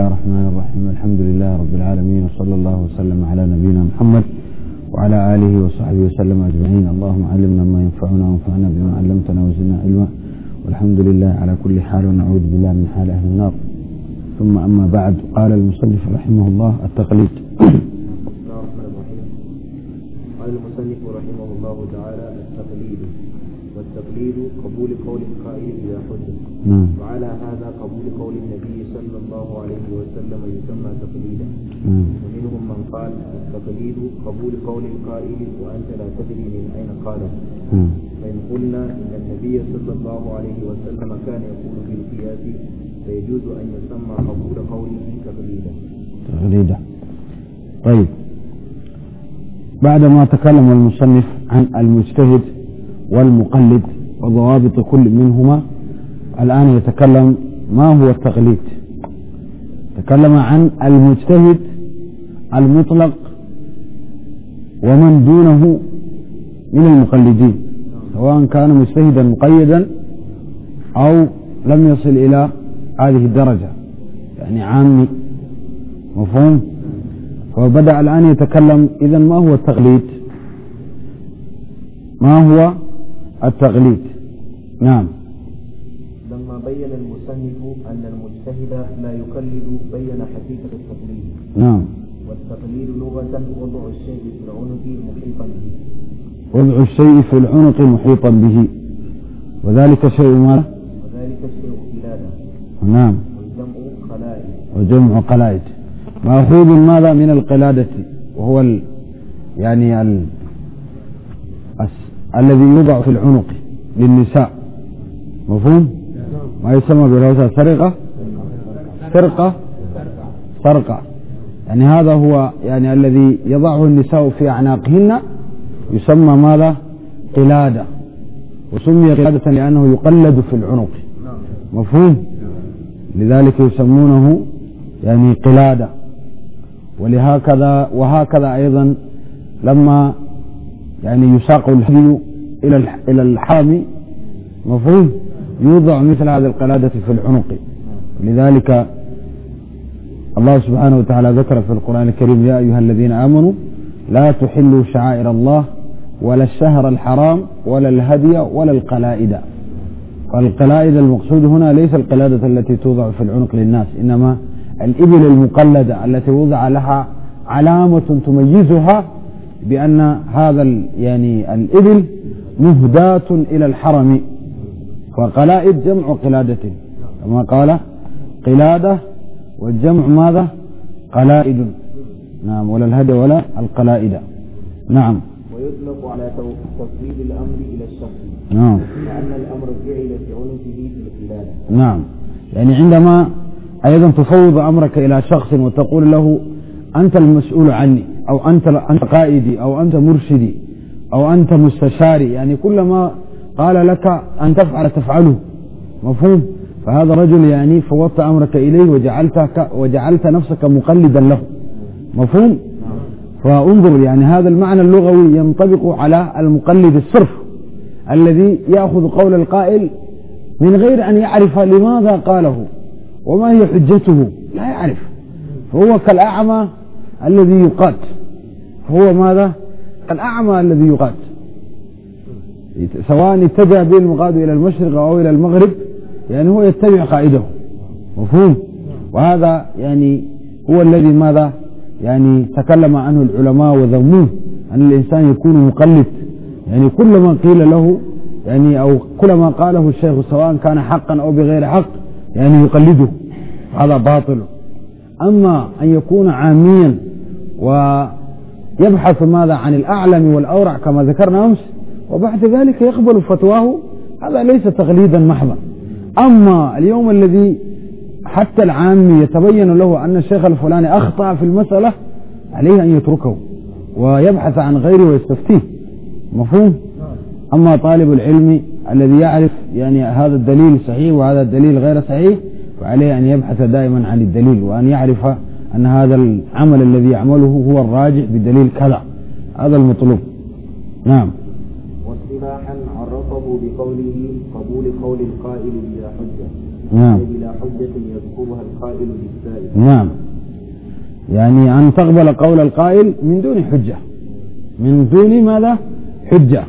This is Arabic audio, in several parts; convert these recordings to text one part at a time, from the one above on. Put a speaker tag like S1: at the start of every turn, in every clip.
S1: بسم الله الرحمن الرحيم الحمد لله رب العالمين وصلى الله وسلم على نبينا محمد وعلى آله وصحبه وسلم أجمعين اللهم علمنا ما ينفعنا وانفعنا بما علمتنا وزدنا علما والحمد لله على كل حال ونعوذ بالله من حال أهل النار ثم أما بعد قال المصنف رحمه الله التقليد قال المصنف رحمه الله تعالى التقليد والتقليد قبول قول القائل إذا حسن نعم وعلى هذا قبول قول النبي صلى الله عليه وسلم يسمى تقليدا نعم ومنهم من قال التقليد قبول قول القائل وأنت لا تدري من أين قاله نعم فإن قلنا إن النبي صلى الله عليه وسلم كان يقول في القياس فيجوز أن يسمى قبول قوله تقليدا تقليدا طيب
S2: بعد ما تكلم المصنف عن المجتهد والمقلد وضوابط كل منهما الآن يتكلم ما هو التقليد تكلم عن المجتهد المطلق ومن دونه من المقلدين سواء كان مجتهدا مقيدا أو لم يصل إلى هذه الدرجة يعني عامي مفهوم فبدأ الآن يتكلم إذا ما هو
S1: التقليد ما هو التغليد نعم لما بين المصنف أن المجتهد لا يقلد بين حقيقة التقليد نعم والتقليد لغة وضع الشيء في العنق محيطا به وضع الشيء في العنق محيطا به
S2: وذلك شيء ما
S1: وذلك شيء قلادة نعم والجمع قلائد
S2: وجمع قلائد مأخوذ ماذا من القلادة وهو ال... يعني ال... الذي يوضع في العنق للنساء مفهوم ما يسمى بالهوسة سرقة سرقة سرقة يعني هذا هو يعني الذي يضعه النساء في أعناقهن يسمى ماذا قلادة وسمي قلادة لأنه يقلد في العنق مفهوم لذلك يسمونه يعني قلادة ولهكذا وهكذا أيضا لما يعني يساق الهدي إلى إلى الحامي مفهوم يوضع مثل هذه القلادة في العنق لذلك الله سبحانه وتعالى ذكر في القرآن الكريم يا أيها الذين آمنوا لا تحلوا شعائر الله ولا الشهر الحرام ولا الهدي ولا القلائد القلائد المقصود هنا ليس القلادة التي توضع في العنق للناس إنما الإبل المقلدة التي وضع لها علامة تميزها بأن هذا يعني الإبل مهداة إلى الحرم فقلائد جمع قلادة كما قال قلادة والجمع ماذا قلائد نعم ولا الهدى ولا القلائد نعم
S1: ويطلق على تفويض الأمر إلى الشخص نعم لأن الأمر فعل في عنفه في القلادة
S2: نعم يعني عندما أيضا تفوض أمرك إلى شخص وتقول له أنت المسؤول عني أو أنت أنت قائدي أو أنت مرشدي أو أنت مستشاري يعني كل ما قال لك أن تفعل تفعله مفهوم فهذا رجل يعني فوضت أمرك إليه وجعلتك وجعلت نفسك مقلدا له مفهوم فانظر يعني هذا المعنى اللغوي ينطبق على المقلد الصرف الذي يأخذ قول القائل من غير أن يعرف لماذا قاله وما هي حجته لا يعرف فهو كالأعمى الذي يقاتل هو ماذا الأعمى الذي يغاد سواء اتجه به المغاد إلى المشرق أو إلى المغرب يعني هو يتبع قائده مفهوم وهذا يعني هو الذي ماذا يعني تكلم عنه العلماء وذموه أن الإنسان يكون مقلد يعني كل ما قيل له يعني أو كل ما قاله الشيخ سواء كان حقا أو بغير حق يعني يقلده هذا باطل أما أن يكون عاميا و يبحث ماذا عن الأعلم والأورع كما ذكرنا أمس وبعد ذلك يقبل فتواه هذا ليس تغليدا محضا أما اليوم الذي حتى العام يتبين له أن الشيخ الفلاني أخطأ في المسألة عليه أن يتركه ويبحث عن غيره ويستفتيه مفهوم أما طالب العلم الذي يعرف يعني هذا الدليل صحيح وهذا الدليل غير صحيح فعليه أن يبحث دائما عن الدليل وأن يعرف أن هذا العمل الذي يعمله هو الراجح بدليل كذا هذا المطلوب نعم
S1: واصطلاحا عرفه بقوله قبول قول القائل بلا حجة نعم بلا حجة يذكرها القائل للسائل
S2: نعم يعني أن تقبل قول القائل من دون حجة من دون ماذا حجة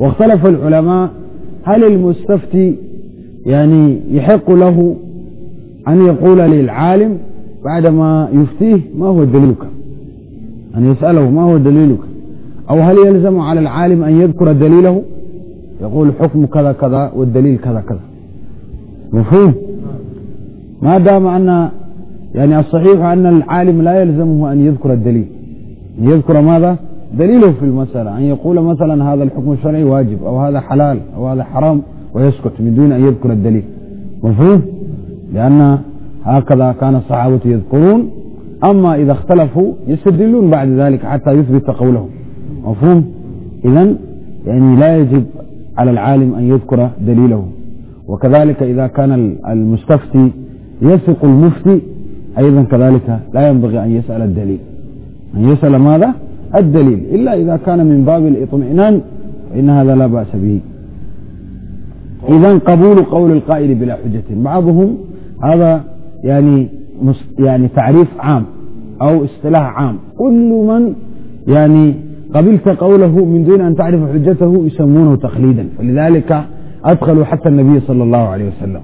S2: واختلف العلماء هل المستفتي يعني يحق له أن يقول للعالم بعدما يفتيه ما هو دليلك أن يسأله ما هو دليلك أو هل يلزم على العالم أن يذكر دليله يقول حكم كذا كذا والدليل كذا كذا مفهوم ما دام أن يعني الصحيح أن العالم لا يلزمه أن يذكر الدليل أن يذكر ماذا دليله في المسألة أن يقول مثلا هذا الحكم الشرعي واجب أو هذا حلال أو هذا حرام ويسكت من دون أن يذكر الدليل مفهوم لأن هكذا كان الصحابة يذكرون أما إذا اختلفوا يستدلون بعد ذلك حتى يثبت قولهم مفهوم إذا يعني لا يجب على العالم أن يذكر دليله وكذلك إذا كان المستفتي يثق المفتي أيضا كذلك لا ينبغي أن يسأل الدليل أن يسأل ماذا؟ الدليل إلا إذا كان من باب الإطمئنان فإن هذا لا بأس به إذا قبول قول القائل بلا حجة بعضهم هذا يعني يعني تعريف عام أو اصطلاح عام كل من يعني قبلت قوله من دون أن تعرف حجته يسمونه تقليدا ولذلك أدخلوا حتى النبي صلى الله عليه وسلم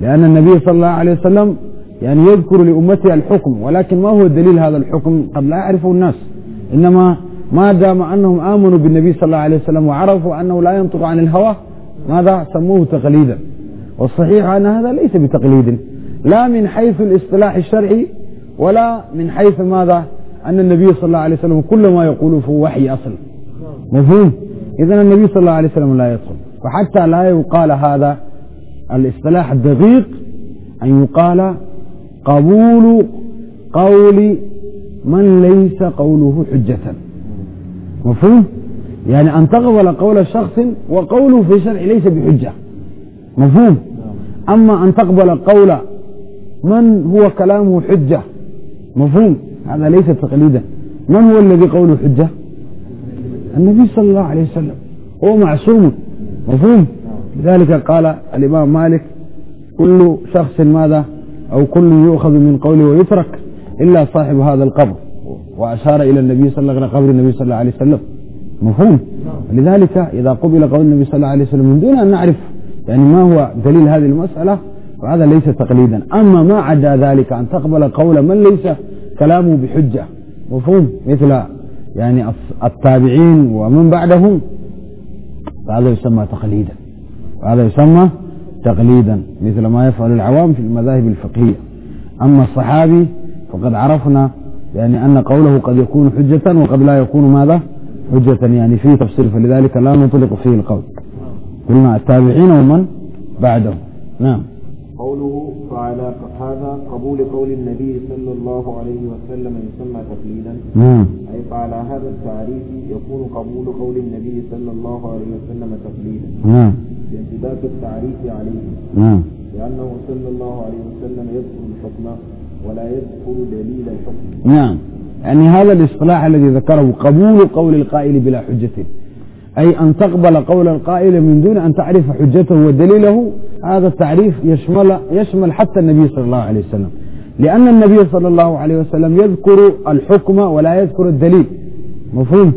S2: لأن النبي صلى الله عليه وسلم يعني يذكر لأمته الحكم ولكن ما هو دليل هذا الحكم قد لا يعرفه الناس إنما ما دام أنهم آمنوا بالنبي صلى الله عليه وسلم وعرفوا أنه لا ينطق عن الهوى ماذا سموه تقليدا والصحيح أن هذا ليس بتقليد لا من حيث الاصطلاح الشرعي ولا من حيث ماذا أن النبي صلى الله عليه وسلم كل ما يقول فهو وحي أصل مفهوم إذا النبي صلى الله عليه وسلم لا يدخل فحتى لا يقال هذا الاصطلاح الدقيق أن يقال قبول قول من ليس قوله حجة مفهوم يعني أن تقبل قول شخص وقوله في الشرع ليس بحجة مفهوم أما أن تقبل قول من هو كلامه حجة مفهوم هذا ليس تقليدا من هو الذي قوله حجة النبي صلى الله عليه وسلم هو معصوم مفهوم لذلك قال الإمام مالك كل شخص ماذا أو كل يؤخذ من قوله ويترك إلا صاحب هذا القبر وأشار إلى النبي صلى الله عليه وسلم قبر النبي صلى الله عليه وسلم مفهوم لذلك إذا قبل قول النبي صلى الله عليه وسلم من دون أن نعرف يعني ما هو دليل هذه المسألة فهذا ليس تقليدا أما ما عدا ذلك أن تقبل قول من ليس كلامه بحجة مفهوم مثل يعني التابعين ومن بعدهم فهذا يسمى تقليدا وهذا يسمى تقليدا مثل ما يفعل العوام في المذاهب الفقهية أما الصحابي فقد عرفنا يعني أن قوله قد يكون حجة وقد لا يكون ماذا حجة يعني فيه تفسير فلذلك لا نطلق فيه القول قلنا التابعين ومن بعدهم نعم
S1: قوله فعلى هذا قبول قول النبي صلى الله عليه وسلم يسمى تقليدا أي فعلى هذا التعريف يكون قبول قول النبي صلى الله عليه وسلم تقليدا بانتباه التعريف عليه لأنه صلى الله عليه وسلم يذكر الحكم ولا يذكر دليل الحكم
S2: نعم يعني هذا الاصطلاح الذي ذكره قبول قول القائل بلا حجة أي أن تقبل قول القائل من دون أن تعرف حجته ودليله هذا التعريف يشمل, يشمل حتى النبي صلى الله عليه وسلم لأن النبي صلى الله عليه وسلم يذكر الحكم ولا يذكر الدليل مفهوم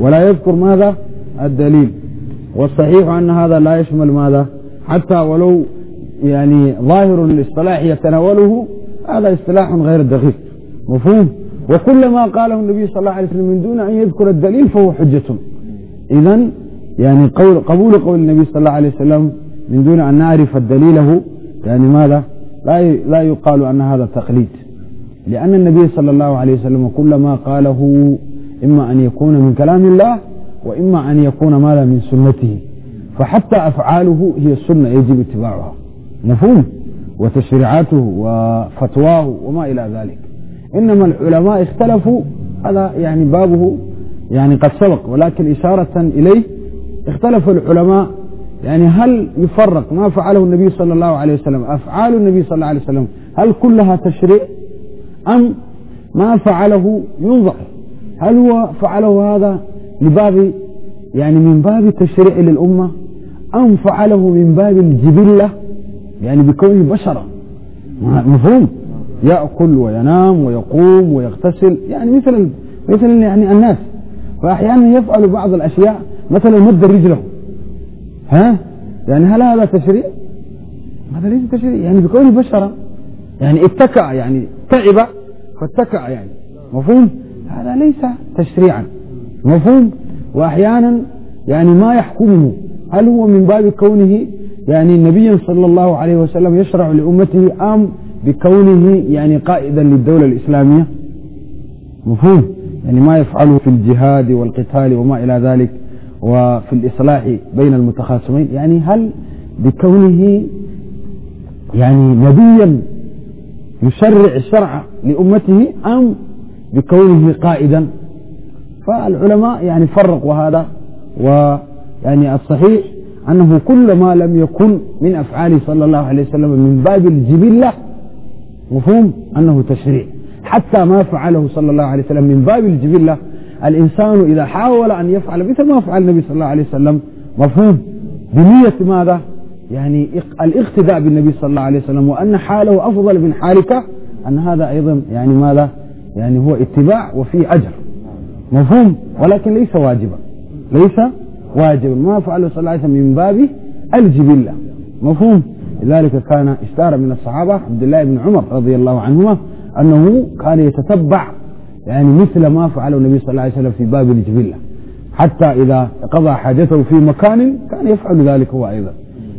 S2: ولا يذكر ماذا الدليل والصحيح أن هذا لا يشمل ماذا حتى ولو يعني ظاهر الاصطلاح يتناوله هذا اصطلاح غير دقيق مفهوم وكل ما قاله النبي صلى الله عليه وسلم من دون أن يذكر الدليل فهو حجة إذا يعني قول قبول قول النبي صلى الله عليه وسلم من دون أن نعرف دليله يعني ماذا لا لا يقال أن هذا تقليد لأن النبي صلى الله عليه وسلم كل ما قاله إما أن يكون من كلام الله وإما أن يكون ماذا من سنته فحتى أفعاله هي السنة يجب اتباعها مفهوم وتشريعاته وفتواه وما إلى ذلك إنما العلماء اختلفوا هذا يعني بابه يعني قد سبق ولكن إشارة إليه اختلف العلماء يعني هل يفرق ما فعله النبي صلى الله عليه وسلم أفعال النبي صلى الله عليه وسلم هل كلها تشريع أم ما فعله ينظر هل هو فعله هذا لباب يعني من باب التشريع للأمة أم فعله من باب الجبلة يعني بكونه بشرة مفهوم يأكل وينام ويقوم ويغتسل يعني مثل مثل يعني الناس فأحيانا يفعل بعض الأشياء مثلا مد رجله ها يعني هل هذا تشريع؟ هذا ليس تشريع يعني بكون بشرة يعني اتكع يعني تعب فاتكع يعني مفهوم؟ هذا ليس تشريعا مفهوم؟ وأحيانا يعني ما يحكمه هل هو من باب كونه يعني النبي صلى الله عليه وسلم يشرع لأمته أم بكونه يعني قائدا للدولة الإسلامية مفهوم يعني ما يفعله في الجهاد والقتال وما إلى ذلك وفي الإصلاح بين المتخاصمين يعني هل بكونه يعني نبيا يشرع الشرع لأمته أم بكونه قائدا فالعلماء يعني فرقوا هذا ويعني الصحيح أنه كل ما لم يكن من أفعاله صلى الله عليه وسلم من باب الجبلة مفهوم أنه تشريع حتى ما فعله صلى الله عليه وسلم من باب الجبلة الإنسان إذا حاول أن يفعل مثل ما فعل النبي صلى الله عليه وسلم مفهوم بنية ماذا يعني الاقتداء بالنبي صلى الله عليه وسلم وأن حاله أفضل من حالك أن هذا أيضا يعني ماذا يعني هو اتباع وفيه أجر مفهوم ولكن ليس واجبا ليس واجبا ما فعله صلى الله عليه وسلم من باب الجبلة مفهوم لذلك كان اشتهر من الصحابة عبد الله بن عمر رضي الله عنهما أنه كان يتتبع يعني مثل ما فعله النبي صلى الله عليه وسلم في باب الجبلة حتى إذا قضى حاجته في مكان كان يفعل ذلك هو أيضا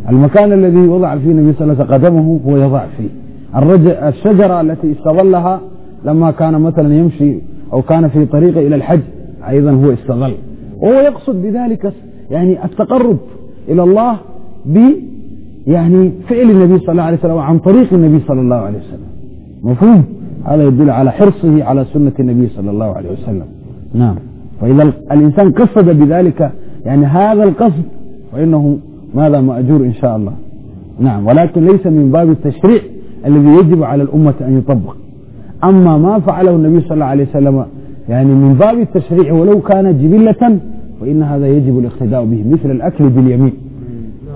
S2: المكان الذي وضع فيه النبي صلى الله عليه وسلم قدمه هو يضع فيه الشجرة التي استظلها لما كان مثلا يمشي أو كان في طريقه إلى الحج أيضا هو استظل وهو يقصد بذلك يعني التقرب إلى الله ب يعني فعل النبي صلى الله عليه وسلم عن طريق النبي صلى الله عليه وسلم مفهوم هذا يدل على حرصه على سنة النبي صلى الله عليه وسلم نعم فإذا الإنسان قصد بذلك يعني هذا القصد فإنه ماذا مأجور إن شاء الله نعم ولكن ليس من باب التشريع الذي يجب على الأمة أن يطبق أما ما فعله النبي صلى الله عليه وسلم يعني من باب التشريع ولو كان جبلة فإن هذا يجب الاقتداء به مثل الأكل باليمين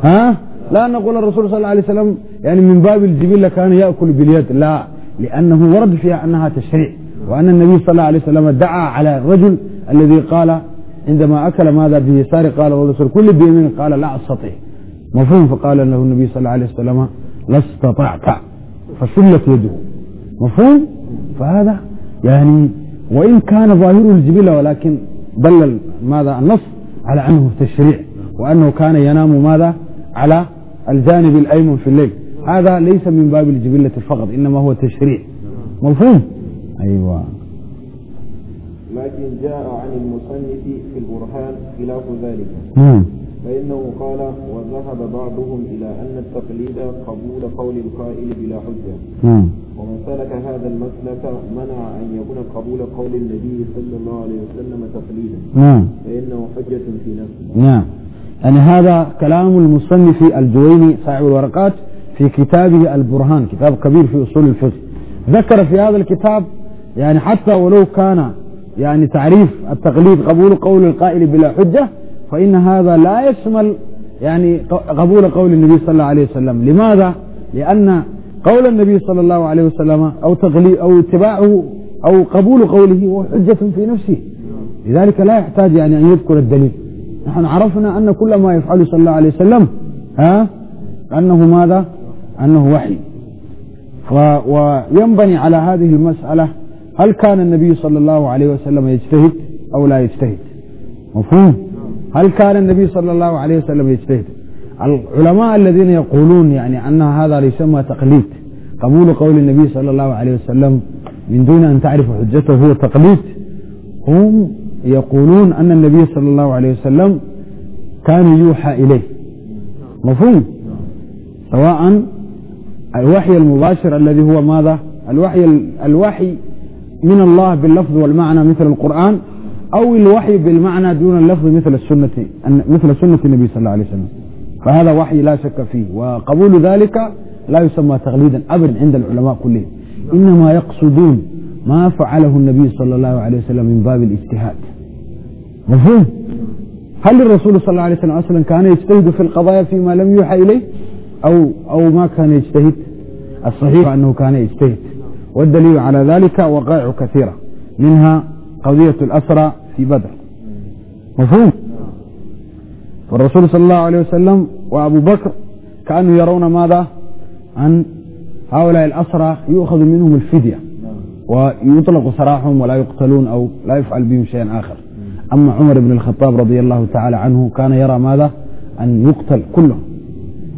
S2: ها لا نقول الرسول صلى الله عليه وسلم يعني من باب الجبلة كان يأكل باليد لا لأنه ورد فيها أنها تشريع وأن النبي صلى الله عليه وسلم دعا على الرجل الذي قال عندما أكل ماذا بيسار قال والرسول كل بيمين قال لا أستطيع مفهوم فقال له النبي صلى الله عليه وسلم لا استطعت فسلت يده مفهوم فهذا يعني وإن كان ظاهره الجبلة ولكن دل ماذا النص على أنه تشريع وأنه كان ينام ماذا على الجانب الأيمن في الليل هذا ليس من باب الجبلة فقط إنما هو تشريع مفهوم أيوة
S1: لكن جاء عن المصنف في البرهان خلاف ذلك نعم. فإنه قال وذهب بعضهم إلى أن التقليد قبول قول القائل بلا حجة نعم. ومن سلك هذا المسلك منع أن يكون قبول قول النبي صلى الله عليه وسلم تقليدا نعم. فإنه حجة في نفسه
S2: نعم يعني هذا كلام المصنف الجويني صاحب الورقات في كتابه البرهان كتاب كبير في أصول الفقه ذكر في هذا الكتاب يعني حتى ولو كان يعني تعريف التقليد قبول قول القائل بلا حجة فإن هذا لا يشمل يعني قبول قول النبي صلى الله عليه وسلم لماذا؟ لأن قول النبي صلى الله عليه وسلم أو تغليب أو اتباعه أو قبول قوله هو حجة في نفسه لذلك لا يحتاج يعني أن يذكر الدليل نحن عرفنا أن كل ما يفعله صلى الله عليه وسلم ها أنه ماذا أنه وحي وينبني على هذه المسألة هل كان النبي صلى الله عليه وسلم يجتهد أو لا يجتهد مفهوم هل كان النبي صلى الله عليه وسلم يجتهد العلماء الذين يقولون يعني أن هذا يسمى تقليد قبول قول النبي صلى الله عليه وسلم من دون أن تعرف حجته هو تقليد هم يقولون أن النبي صلى الله عليه وسلم كان يوحى إليه مفهوم سواء الوحي المباشر الذي هو ماذا الوحي الوحي من الله باللفظ والمعنى مثل القرآن أو الوحي بالمعنى دون اللفظ مثل السنة مثل سنة النبي صلى الله عليه وسلم فهذا وحي لا شك فيه وقبول ذلك لا يسمى تغليدا أبدا عند العلماء كلهم إنما يقصدون ما فعله النبي صلى الله عليه وسلم من باب الاجتهاد مفهوم هل الرسول صلى الله عليه وسلم كان يجتهد في القضايا فيما لم يوحى إليه أو أو ما كان يجتهد الصحيح أنه كان يجتهد والدليل على ذلك وقائع كثيرة منها قضية الأسرى في بدر مفهوم والرسول صلى الله عليه وسلم وأبو بكر كانوا يرون ماذا أن هؤلاء الأسرى يؤخذ منهم الفدية ويطلق سراحهم ولا يقتلون أو لا يفعل بهم شيئا آخر أما عمر بن الخطاب رضي الله تعالى عنه كان يرى ماذا أن يقتل كلهم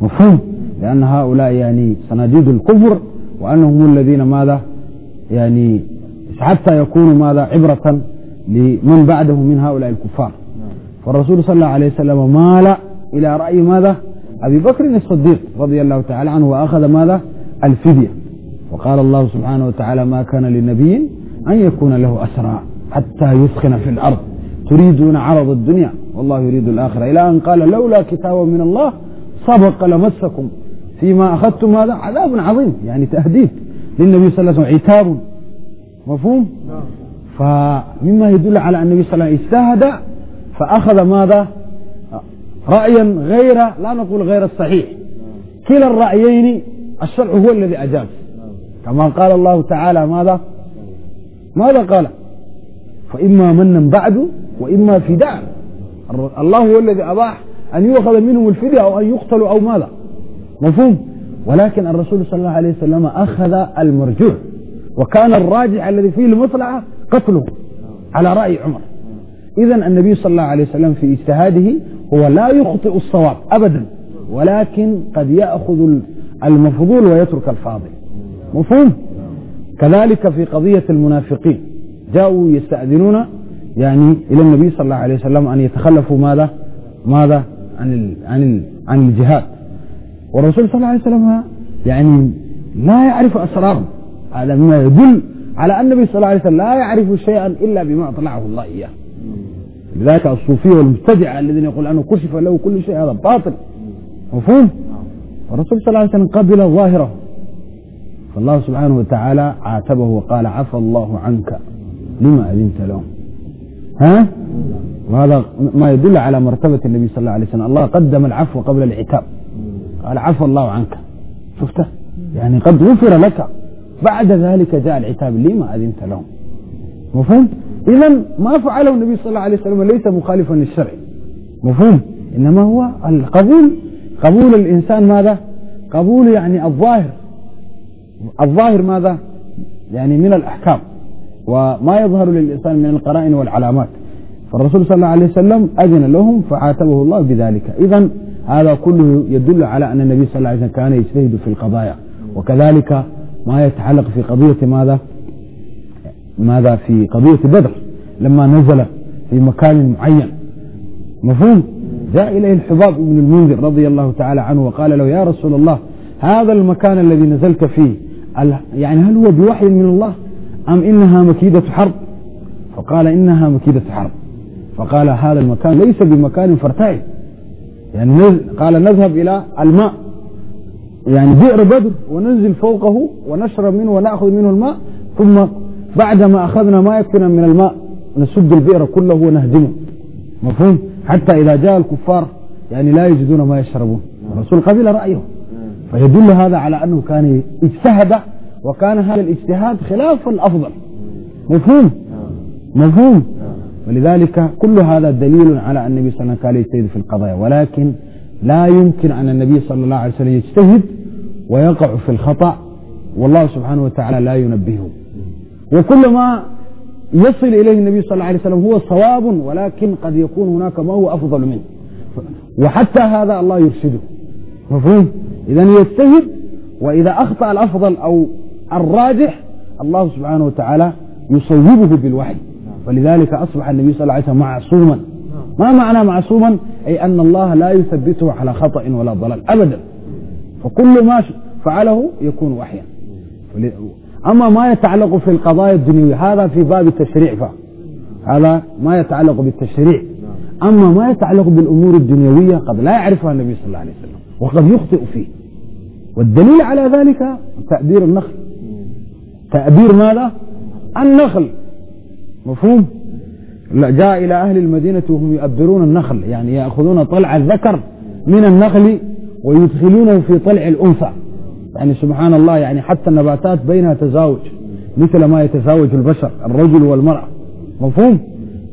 S2: مفهوم لأن هؤلاء يعني صناديد الكفر وأنهم الذين ماذا يعني حتى يكونوا ماذا عبرة لمن بعدهم من هؤلاء الكفار فالرسول صلى الله عليه وسلم مال إلى رأي ماذا أبي بكر الصديق رضي الله تعالى عنه وأخذ ماذا الفدية وقال الله سبحانه وتعالى ما كان للنبي أن يكون له أسرى حتى يثخن في الأرض تريدون عرض الدنيا والله يريد الآخرة إلى أن قال لولا كتاب من الله سبق لمسكم فيما أخذتم هذا عذاب عظيم يعني تهديد للنبي صلى الله عليه وسلم عتاب مفهوم فمما يدل على أن النبي صلى الله عليه وسلم اجتهد فأخذ ماذا رأيا غير لا نقول غير الصحيح كلا الرأيين الشرع هو الذي أجاز كما قال الله تعالى ماذا ماذا قال فإما منا بعد وإما فداء الله هو الذي أباح أن يؤخذ منهم الفدية أو أن يقتلوا أو ماذا مفهوم ولكن الرسول صلى الله عليه وسلم أخذ المرجوع وكان الراجع الذي فيه المصلحة قتله على رأي عمر إذا النبي صلى الله عليه وسلم في اجتهاده هو لا يخطئ الصواب أبدا ولكن قد يأخذ المفضول ويترك الفاضل مفهوم كذلك في قضية المنافقين جاءوا يستأذنون يعني إلى النبي صلى الله عليه وسلم أن يتخلفوا ماذا ماذا عن ال عن ال عن الجهاد والرسول صلى الله عليه وسلم يعني لا يعرف أسرار هذا ما يدل على أن النبي صلى الله عليه وسلم لا يعرف شيئا إلا بما أطلعه الله إياه لذلك الصوفية والمبتدعة الذين يقول أنه كشف له كل شيء هذا باطل مفهوم الرسول صلى الله عليه وسلم قبل ظاهره فالله سبحانه وتعالى عاتبه وقال عفى الله عنك لما أذنت لهم ها وهذا ما يدل على مرتبة النبي صلى الله عليه وسلم الله قدم العفو قبل العتاب قال عفو الله عنك شفته يعني قد غفر لك بعد ذلك جاء العتاب لي ما أذنت لهم مفهوم إذا ما فعله النبي صلى الله عليه وسلم ليس مخالفا للشرع مفهوم إنما هو القبول قبول الإنسان ماذا قبول يعني الظاهر الظاهر ماذا يعني من الأحكام وما يظهر للإنسان من القرائن والعلامات فالرسول صلى الله عليه وسلم أذن لهم فعاتبه الله بذلك إذا هذا كله يدل على أن النبي صلى الله عليه وسلم كان يجتهد في القضايا وكذلك ما يتعلق في قضية ماذا ماذا في قضية بدر لما نزل في مكان معين مفهوم جاء إليه الحباب بن المنذر رضي الله تعالى عنه وقال له يا رسول الله هذا المكان الذي نزلت فيه يعني هل هو بوحي من الله أم إنها مكيدة حرب فقال إنها مكيدة حرب فقال هذا المكان ليس بمكان فرتعي يعني قال نذهب إلى الماء يعني بئر بدر وننزل فوقه ونشرب منه ونأخذ منه الماء ثم بعدما أخذنا ما يكفينا من الماء نسد البئر كله ونهدمه مفهوم حتى إذا جاء الكفار يعني لا يجدون ما يشربون الرسول قبل رأيه فيدل هذا على أنه كان اجتهد وكان هذا الاجتهاد خلاف الأفضل مفهوم مفهوم ولذلك كل هذا دليل على أن النبي صلى الله عليه وسلم كان يجتهد في القضايا ولكن لا يمكن أن النبي صلى الله عليه وسلم يجتهد ويقع في الخطأ والله سبحانه وتعالى لا ينبهه وكل ما يصل إليه النبي صلى الله عليه وسلم هو صواب ولكن قد يكون هناك ما هو أفضل منه وحتى هذا الله يرشده مفهوم إذا يجتهد وإذا أخطأ الأفضل أو الراجح الله سبحانه وتعالى يصوبه بالوحي ولذلك أصبح النبي صلى الله عليه وسلم معصوما نعم. ما معنى معصوما أي أن الله لا يثبته على خطأ ولا ضلال أبدا فكل ما فعله يكون وحيا أما ما يتعلق في القضايا الدنيوية هذا في باب التشريع فقط هذا ما يتعلق بالتشريع أما ما يتعلق بالأمور الدنيوية قد لا يعرفها النبي صلى الله عليه وسلم وقد يخطئ فيه والدليل على ذلك تأبير النخل نعم. تأبير ماذا؟ النخل مفهوم لا جاء إلى أهل المدينة وهم يؤبرون النخل يعني يأخذون طلع الذكر من النخل ويدخلونه في طلع الأنثى يعني سبحان الله يعني حتى النباتات بينها تزاوج مثل ما يتزاوج البشر الرجل والمرأة مفهوم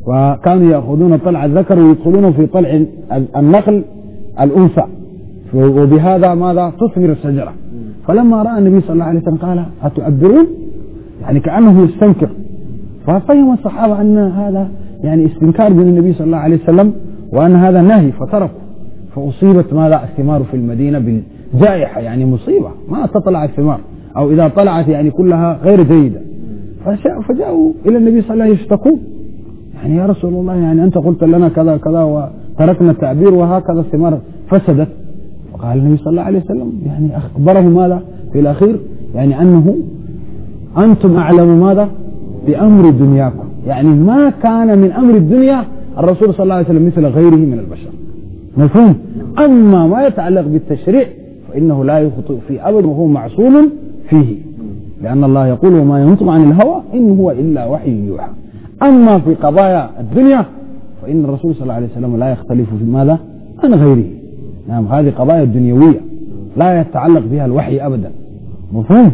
S2: وكانوا يأخذون طلع الذكر ويدخلونه في طلع النخل الأنثى وبهذا ماذا تثمر الشجرة فلما رأى النبي صلى الله عليه وسلم قال أتؤبرون يعني كأنه يستنكر ففهم الصحابة أن هذا يعني استنكار من النبي صلى الله عليه وسلم وأن هذا نهي فتركوا فأصيبت ماذا الثمار في المدينة بالجائحة يعني مصيبة ما تطلع الثمار أو إذا طلعت يعني كلها غير جيدة فجاءوا إلى النبي صلى الله عليه وسلم يشتكون يعني يا رسول الله يعني أنت قلت لنا كذا كذا وتركنا التعبير وهكذا الثمار فسدت فقال النبي صلى الله عليه وسلم يعني أخبره ماذا في الأخير يعني أنه أنتم أعلم ماذا بأمر دنياكم يعني ما كان من أمر الدنيا الرسول صلى الله عليه وسلم مثل غيره من البشر مفهوم أما ما يتعلق بالتشريع فإنه لا يخطئ في أبد وهو معصوم فيه لأن الله يقول وما ينطق عن الهوى إن هو إلا وحي يوحى أما في قضايا الدنيا فإن الرسول صلى الله عليه وسلم لا يختلف في ماذا عن غيره نعم هذه قضايا دنيوية لا يتعلق بها الوحي أبدا مفهوم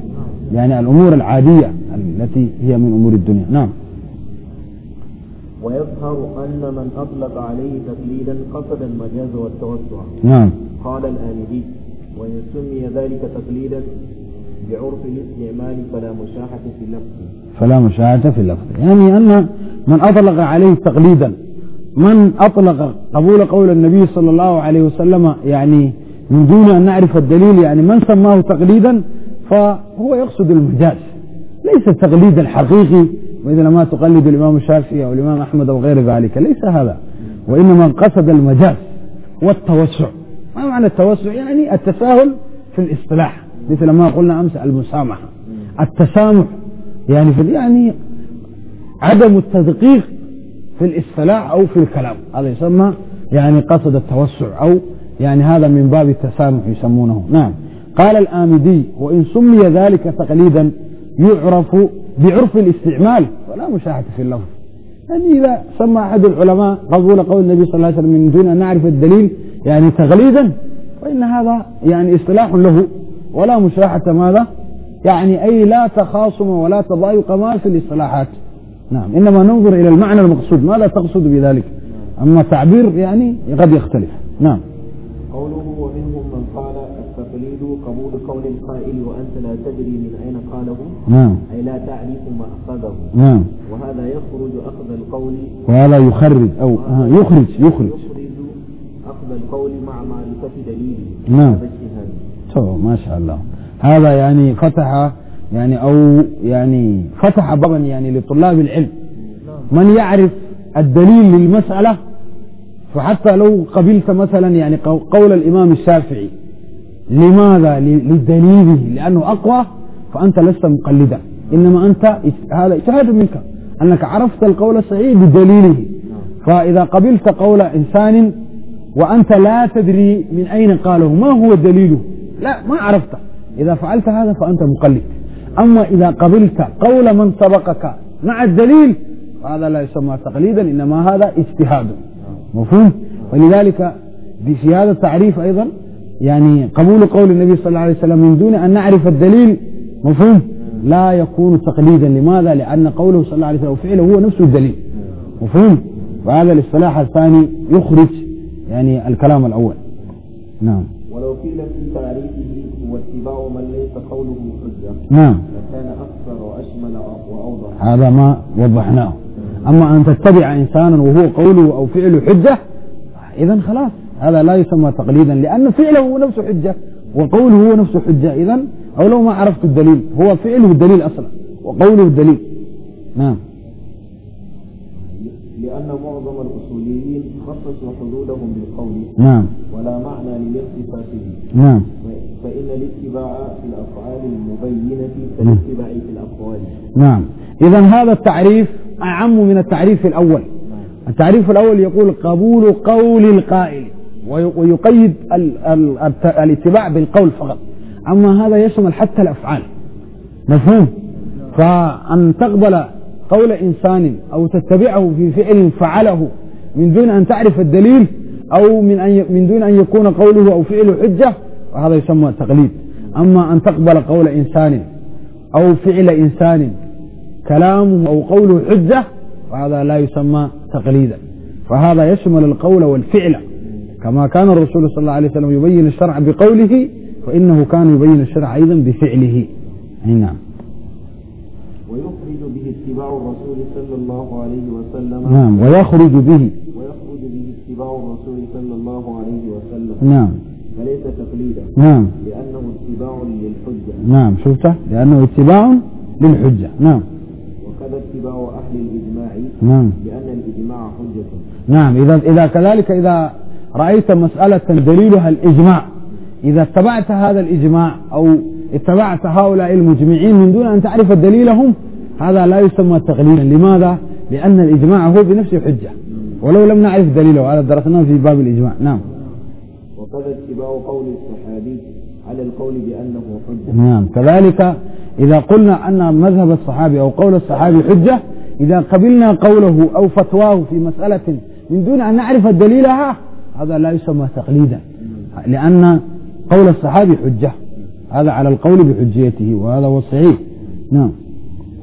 S2: يعني الأمور العادية التي هي من أمور الدنيا نعم
S1: ويظهر أن من أطلق عليه تقليدا قصد المجاز والتوسع نعم قال الآنبي وإن سمي ذلك تقليدا بعرف الاستعمال فلا مشاحة في اللفظ
S2: فلا مشاحة في اللفظ يعني أن من أطلق عليه تقليدا من أطلق قبول قول النبي صلى الله عليه وسلم يعني من دون أن نعرف الدليل يعني من سماه تقليدا فهو يقصد المجاز ليس التقليد الحقيقي وإذا ما تقلد الإمام الشافعي أو الإمام أحمد أو غير ذلك ليس هذا وإنما قصد المجاز والتوسع ما معنى التوسع يعني التساهل في الاصطلاح مثل ما قلنا أمس المسامحة التسامح يعني في يعني عدم التدقيق في الاصطلاح أو في الكلام هذا يسمى يعني قصد التوسع أو يعني هذا من باب التسامح يسمونه نعم قال الآمدي وإن سمي ذلك تقليدا يعرف بعرف الاستعمال ولا مشاحة في اللفظ يعني إذا سمى أحد العلماء قبول قول النبي صلى الله عليه وسلم من دون أن نعرف الدليل يعني تغليدا فإن هذا يعني اصطلاح له ولا مشاحة ماذا يعني أي لا تخاصم ولا تضايق ما في الاصطلاحات نعم إنما ننظر إلى المعنى المقصود ماذا تقصد بذلك أما تعبير يعني قد يختلف نعم
S1: قوله ومنهم من قال التقليد قبول قول القائل وأنت لا تدري من نعم أي لا تعرف مقصده نعم وهذا يخرج أخذ القول وهذا يخرج أو آه يخرج يخرج يخرج أخذ القول مع معرفة دليله نعم
S2: تو ما شاء الله هذا يعني فتح يعني أو يعني فتح بابا يعني لطلاب العلم نعم. من يعرف الدليل للمسألة فحتى لو قبلت مثلا يعني قول الإمام الشافعي لماذا لدليله لأنه أقوى فأنت لست مقلدا إنما أنت هذا اجتهاد منك أنك عرفت القول الصحيح بدليله فإذا قبلت قول إنسان وأنت لا تدري من أين قاله ما هو دليله لا ما عرفته إذا فعلت هذا فأنت مقلد أما إذا قبلت قول من سبقك مع الدليل فهذا لا يسمى تقليدا إنما هذا اجتهاد مفهوم ولذلك في هذا التعريف أيضا يعني قبول قول النبي صلى الله عليه وسلم من دون أن نعرف الدليل مفهوم لا يكون تقليدا لماذا لأن قوله صلى الله عليه وسلم وفعله هو نفسه الدليل مفهوم وهذا الاصطلاح الثاني يخرج يعني الكلام الأول نعم
S1: ولو قيل في تعريفه هو اتباع من ليس قوله حجة نعم لكان أكثر وأشمل وأوضح هذا
S2: ما وضحناه أما أن تتبع إنسانا وهو قوله أو فعله حجة إذا خلاص هذا لا يسمى تقليدا لأن فعله هو نفسه حجة وقوله هو نفسه حجة إذا أو لو ما عرفت الدليل هو فعله الدليل أصلا وقوله
S1: الدليل نعم لأن معظم الأصوليين خصصوا حدودهم بالقول نعم ولا معنى للاختصاصه نعم فإن الاتباع في الأفعال المبينة كالاتباع نعم. في الأقوال
S2: نعم إذا هذا التعريف أعم من التعريف الأول نعم. التعريف الأول يقول قبول قول القائل ويقيد الاتباع بالقول فقط أما هذا يشمل حتى الأفعال مفهوم فأن تقبل قول إنسان أو تتبعه في فعل فعله من دون أن تعرف الدليل أو من, أن من دون أن يكون قوله أو فعله حجة وهذا يسمى تقليد أما أن تقبل قول إنسان أو فعل إنسان كلامه أو قوله حجة فهذا لا يسمى تقليدا فهذا يشمل القول والفعل كما كان الرسول صلى الله عليه وسلم يبين الشرع بقوله فإنه كان يبين الشرع أيضا بفعله أي نعم
S1: ويخرج به اتباع الرسول صلى الله عليه وسلم نعم ويخرج به ويخرج به اتباع الرسول صلى الله عليه وسلم نعم فليس تقليدا نعم لأنه اتباع للحجة
S2: نعم شفت لأنه اتباع للحجة نعم
S1: وكذا اتباع أهل الإجماع نعم لأن الإجماع حجة
S2: نعم إذا إذا كذلك إذا رأيت مسألة دليلها الإجماع إذا اتبعت هذا الإجماع أو اتبعت هؤلاء المجمعين من دون أن تعرف دليلهم هذا لا يسمى تقليدا لماذا؟ لأن الإجماع هو بنفسه حجة ولو لم نعرف دليله هذا درسناه في باب الإجماع نعم
S1: وكذا اتباع قول الصحابي على القول بأنه حجة
S2: نعم كذلك إذا قلنا أن مذهب الصحابي أو قول الصحابي حجة إذا قبلنا قوله أو فتواه في مسألة من دون أن نعرف دليلها هذا لا يسمى تقليدا لأن قول الصحابي حجة هذا على القول بحجيته وهذا هو الصحيح نعم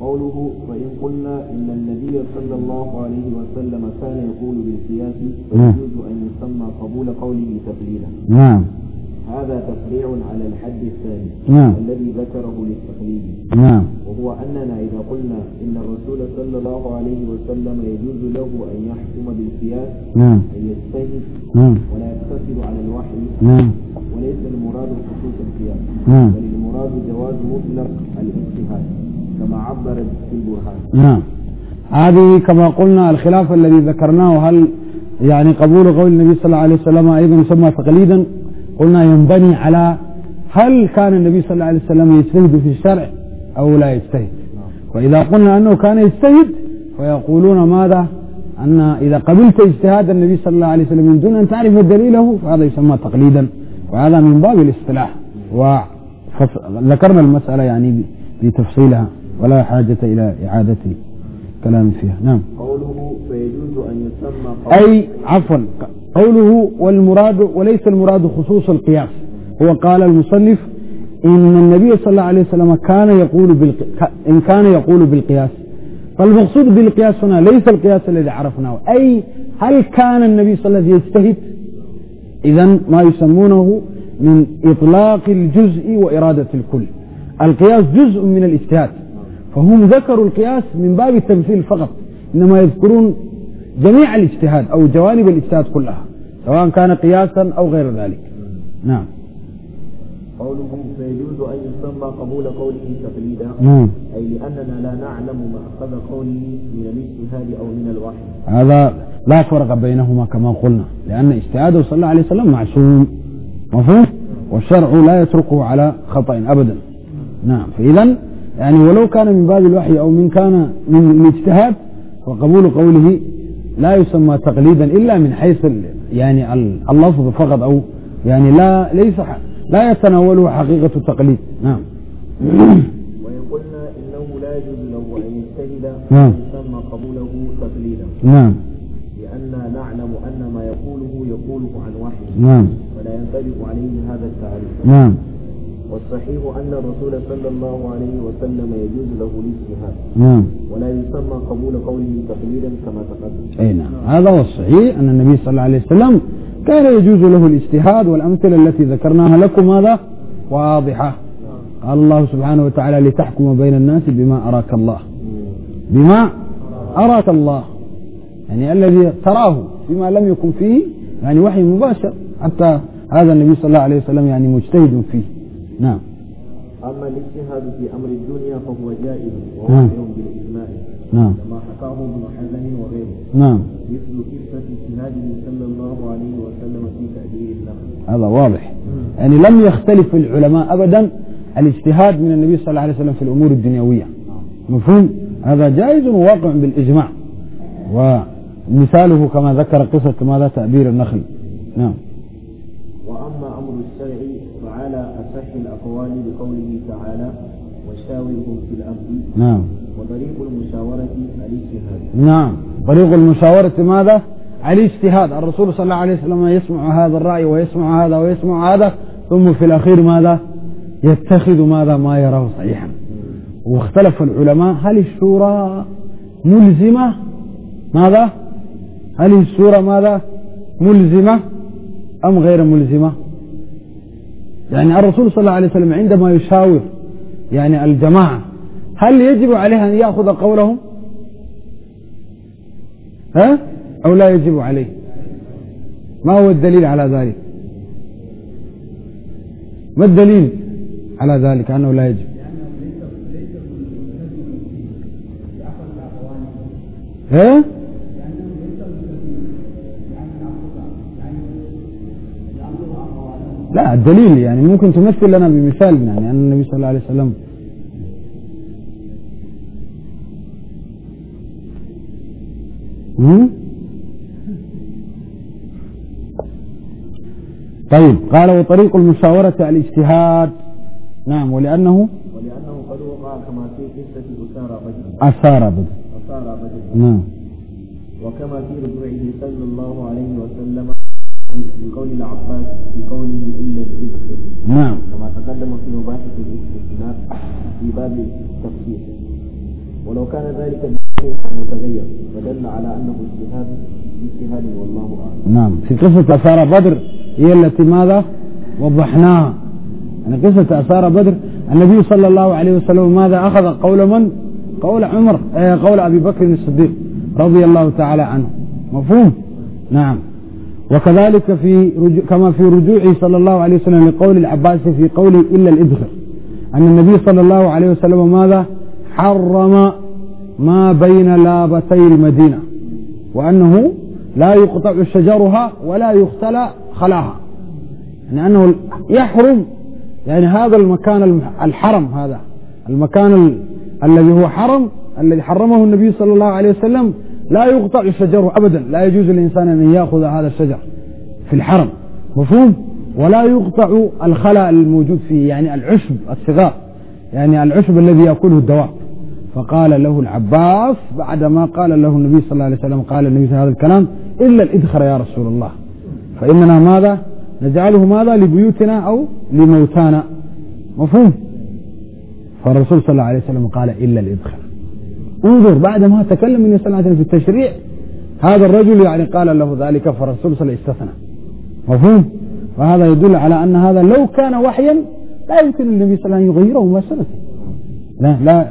S1: قوله فإن قلنا إن النبي صلى الله عليه وسلم كان يقول بالقياس فيجوز أن يسمى قبول قوله تقليلا نعم هذا تفريع على الحد الثاني نعم. الذي ذكره للتقليد نعم. وهو أننا إذا قلنا إن الرسول صلى الله عليه وسلم يجوز له أن يحكم بالقياس نعم. أن يجتهد نعم. ولا يقتصر على الوحي نعم. وليس المراد خصوص القياس نعم. بل المراد جواز مطلق الاجتهاد كما عبر في البرهان
S2: نعم هذه كما قلنا الخلاف الذي ذكرناه هل يعني قبول قول النبي صلى الله عليه وسلم أيضا يسمى تقليدا قلنا ينبني على هل كان النبي صلى الله عليه وسلم يجتهد في الشرع أو لا يجتهد وإذا قلنا أنه كان يجتهد فيقولون ماذا أن إذا قبلت اجتهاد النبي صلى الله عليه وسلم من دون أن تعرف دليله فهذا يسمى تقليدا وهذا من باب الاصطلاح وذكرنا المسألة يعني بتفصيلها ولا حاجة إلى إعادة كلام فيها نعم
S1: قوله فيجوز أن يسمى أي
S2: عفوا قوله والمراد وليس المراد خصوص القياس هو قال المصنف إن النبي صلى الله عليه وسلم كان يقول بالق... إن كان يقول بالقياس فالمقصود بالقياس هنا ليس القياس الذي عرفناه أي هل كان النبي صلى الله عليه وسلم يجتهد إذا ما يسمونه من إطلاق الجزء وإرادة الكل القياس جزء من الاجتهاد فهم ذكروا القياس من باب التمثيل فقط إنما يذكرون جميع الاجتهاد أو جوانب الاجتهاد كلها سواء كان قياسا أو غير ذلك نعم
S1: قوله فيجوز أن يسمى قبول قوله تقليدا نعم. أي لأننا لا نعلم مأخذ قوله من الاجتهاد أو من الوحي
S2: هذا لا فرق بينهما كما قلنا لأن اجتهاده صلى الله عليه وسلم معصوم مفهوم والشرع لا يتركه على خطأ أبدا نعم فإذا يعني ولو كان من باب الوحي أو من كان من الاجتهاد فقبول قوله لا يسمى تقليدا إلا من حيث يعني اللفظ فقط أو يعني لا ليس لا يتناوله حقيقة التقليد نعم
S1: وإن قلنا إنه لا يجوز له أن يجتهد نعم يسمى قبوله تقليدا نعم لأننا نعلم أن ما يقوله يقوله عن واحد نعم ولا ينطبق عليه هذا التعريف نعم والصحيح أن الرسول صلى الله عليه وسلم يجوز له الاجتهاد نعم ولا يسمى قبول قوله تقليدا كما تقدم
S2: أي نعم هذا هو الصحيح أن النبي صلى الله عليه وسلم كان يجوز له الاجتهاد والأمثلة التي ذكرناها لكم هذا واضحة نعم. قال الله سبحانه وتعالى لتحكم بين الناس بما أراك الله بما أراك الله يعني الذي تراه فيما لم يكن فيه يعني وحي مباشر حتى هذا النبي صلى الله عليه وسلم يعني مجتهد فيه
S1: نعم أما الاجتهاد في أمر الدنيا فهو جائز نعم. وواقع بالإجماع نعم كما حكاه ابن حزم وغيره نعم مثل كفة اجتهاده صلى الله عليه وسلم في تأديب النخل
S2: هذا واضح مم. يعني لم يختلف العلماء أبدا الاجتهاد من النبي صلى الله عليه وسلم في الأمور الدنيوية مفهوم هذا جائز وواقع بالإجماع ومثاله كما ذكر قصة ماذا تأبير النخل نعم
S1: وأما أمر الشرع فعلى الأقوال بقوله تعالى وشاورهم في الأمر نعم وطريق المشاورة الاجتهاد
S2: نعم طريق المشاورة ماذا؟ الاجتهاد الرسول صلى الله عليه وسلم يسمع هذا الرأي ويسمع هذا ويسمع هذا ثم في الأخير ماذا؟ يتخذ ماذا ما يراه صحيحا واختلف العلماء هل الشورى ملزمة ماذا هل الشورى ماذا ملزمة أم غير ملزمة يعني الرسول صلى الله عليه وسلم عندما يشاور يعني الجماعة هل يجب عليه أن يأخذ قولهم ها أو لا يجب عليه ما هو الدليل على ذلك ما الدليل على ذلك أنه لا يجب ها لا الدليل يعني ممكن تمثل لنا بمثال يعني أن النبي صلى الله عليه وسلم طيب قال وطريق المشاورة الاجتهاد نعم ولأنه
S1: ولأنه قد وقع كما في قصة أسارة بدر أسارة بدر أسارة بدر نعم وكما في رجوعه صلى الله عليه وسلم بقول العباس نعم كما تقدم في مباحث الاستثناء في باب التفسير ولو كان ذلك متغير فدل على انه اجتهاد اجتهاد والله
S2: اعلم نعم في قصه اثار بدر هي التي ماذا وضحناها أن يعني قصة أثار بدر النبي صلى الله عليه وسلم ماذا أخذ قول من قول عمر آه، قول أبي بكر الصديق رضي الله تعالى عنه مفهوم نعم وكذلك في رجوع كما في رجوعه صلى الله عليه وسلم لقول العباس في قوله إلا الإبخر أن النبي صلى الله عليه وسلم ماذا حرم ما بين لابتي المدينة وأنه لا يقطع شجرها ولا يختلى خلاها يعني أنه يحرم يعني هذا المكان الحرم هذا المكان الذي هو حرم الذي حرمه النبي صلى الله عليه وسلم لا يقطع الشجر أبدا لا يجوز للإنسان أن يأخذ هذا الشجر في الحرم مفهوم ولا يقطع الخلاء الموجود فيه يعني العشب الصغار يعني العشب الذي يأكله الدواب فقال له العباس بعدما قال له النبي صلى الله عليه وسلم قال النبي هذا الكلام إلا الإدخر يا رسول الله فإننا ماذا نجعله ماذا لبيوتنا أو لموتانا مفهوم فالرسول صلى الله عليه وسلم قال إلا الإدخر انظر بعد ما تكلم النبي صلى الله عليه وسلم في التشريع هذا الرجل يعني قال له ذلك فالرسول صلى الله عليه وسلم استثنى مفهوم فهذا يدل على أن هذا لو كان وحيا لا يمكن النبي صلى الله عليه وسلم يغيره مباشرة لا لا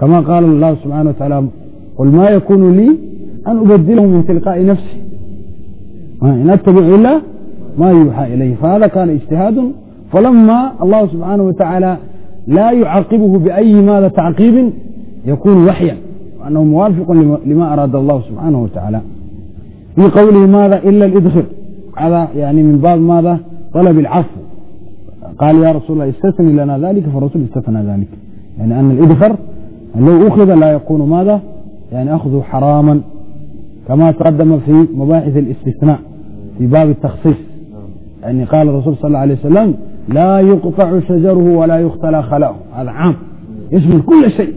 S2: كما قال الله سبحانه وتعالى قل ما يكون لي أن أبدله من تلقاء نفسي إن أتبع إلا ما يوحى إليه فهذا كان اجتهاد فلما الله سبحانه وتعالى لا يعاقبه بأي ماذا تعقيب يكون وحيا وأنه موافق لما أراد الله سبحانه وتعالى في قوله ماذا إلا الإدخل هذا يعني من باب ماذا طلب العفو قال يا رسول الله استثني لنا ذلك فالرسول استثنى ذلك يعني أن الإدخر لو أخذ لا يكون ماذا يعني أخذه حراما كما تقدم في مباحث الاستثناء في باب التخصيص يعني قال الرسول صلى الله عليه وسلم لا يقطع شجره ولا يختلى خلاه هذا عام يشمل كل شيء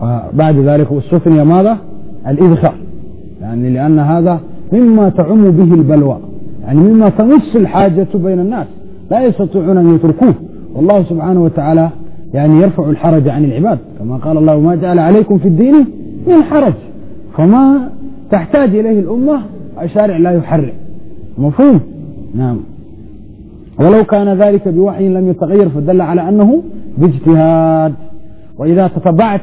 S2: وبعد ذلك استثني ماذا الإذخاء يعني لأن هذا مما تعم به البلوى يعني مما تمس الحاجة بين الناس لا يستطيعون أن يتركوه والله سبحانه وتعالى يعني يرفع الحرج عن العباد كما قال الله ما جعل عليكم في الدين من حرج فما تحتاج إليه الأمة الشارع لا يحرم مفهوم نعم ولو كان ذلك بوحي لم يتغير فدل على أنه باجتهاد وإذا تتبعت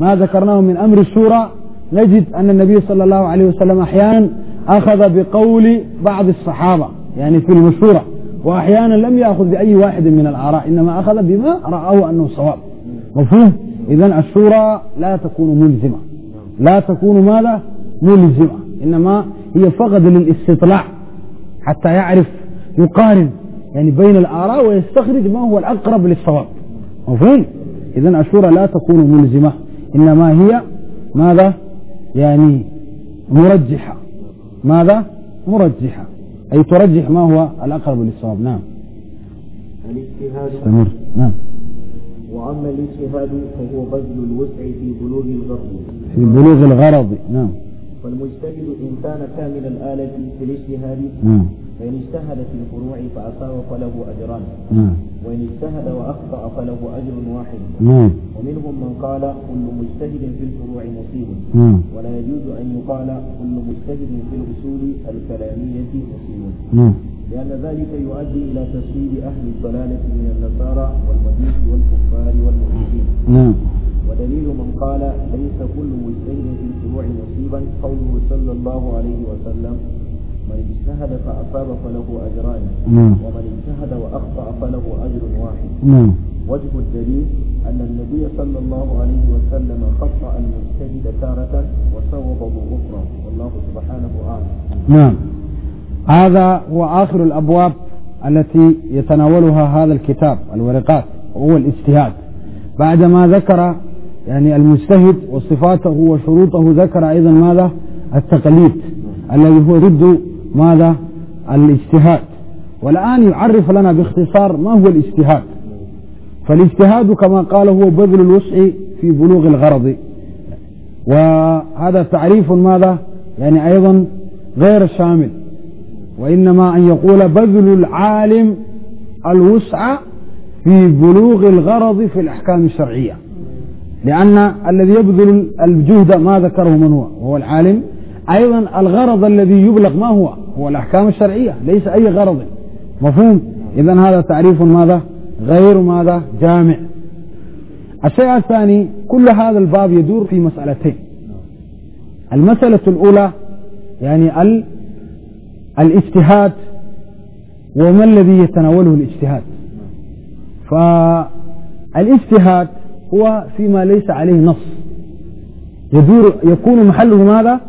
S2: ما ذكرناه من أمر الشورى نجد أن النبي صلى الله عليه وسلم أحيانا أخذ بقول بعض الصحابة يعني في المشورة وأحيانا لم يأخذ بأي واحد من الآراء إنما أخذ بما رأوا أنه صواب مفهوم إذا الشورى لا تكون ملزمة لا تكون ماذا ملزمة إنما هي فقط للاستطلاع حتى يعرف يقارن يعني بين الآراء ويستخرج ما هو الأقرب للصواب مفهوم إذا الشورى لا تكون ملزمة إنما هي ماذا يعني مرجحة ماذا مرجحة أي ترجح ما هو الأقرب للصواب نعم
S1: الاجتهاد نعم وأما الاجتهاد فهو بذل الوسع في بلوغ الغرض
S2: في بلوغ الغرض نعم
S1: والمجتهد إن كان كامل الآلة في الاجتهاد فإن اجتهد في الفروع فأصاب فله أجران وإن اجتهد وأخطأ فله أجر واحد ومنهم من قال كل مجتهد في الفروع نصيب ولا يجوز أن يقال كل مجتهد في الأصول الكلامية نصيب لأن ذلك يؤدي إلى تصوير أهل الضلالة من النصارى والمجوس والكفار والمؤمنين ودليل من قال ليس كل مجتهد في الفروع نصيبا قوله صلى الله عليه وسلم من اجتهد فأصاب فله أجران نعم. ومن اجتهد وأخطأ فله أجر واحد نعم. وجه الدليل أن النبي صلى الله عليه وسلم خطأ المجتهد تارة وصوبه أخرى والله سبحانه أعلم نعم
S2: هذا هو آخر الأبواب التي يتناولها هذا الكتاب الورقات هو الاجتهاد بعدما ذكر يعني المجتهد وصفاته وشروطه ذكر أيضا ماذا التقليد الذي هو ضد ماذا الاجتهاد والآن يعرف لنا باختصار ما هو الاجتهاد فالاجتهاد كما قال هو بذل الوسع في بلوغ الغرض وهذا تعريف ماذا يعني أيضا غير شامل وإنما أن يقول بذل العالم الوسع في بلوغ الغرض في الأحكام الشرعية لأن الذي يبذل الجهد ما ذكره من هو وهو العالم أيضا الغرض الذي يبلغ ما هو هو الأحكام الشرعية ليس أي غرض مفهوم إذا هذا تعريف ماذا غير ماذا جامع الشيء الثاني كل هذا الباب يدور في مسألتين المسألة الأولى يعني ال الاجتهاد وما الذي يتناوله الاجتهاد فالاجتهاد هو فيما ليس عليه نص يدور يكون محله ماذا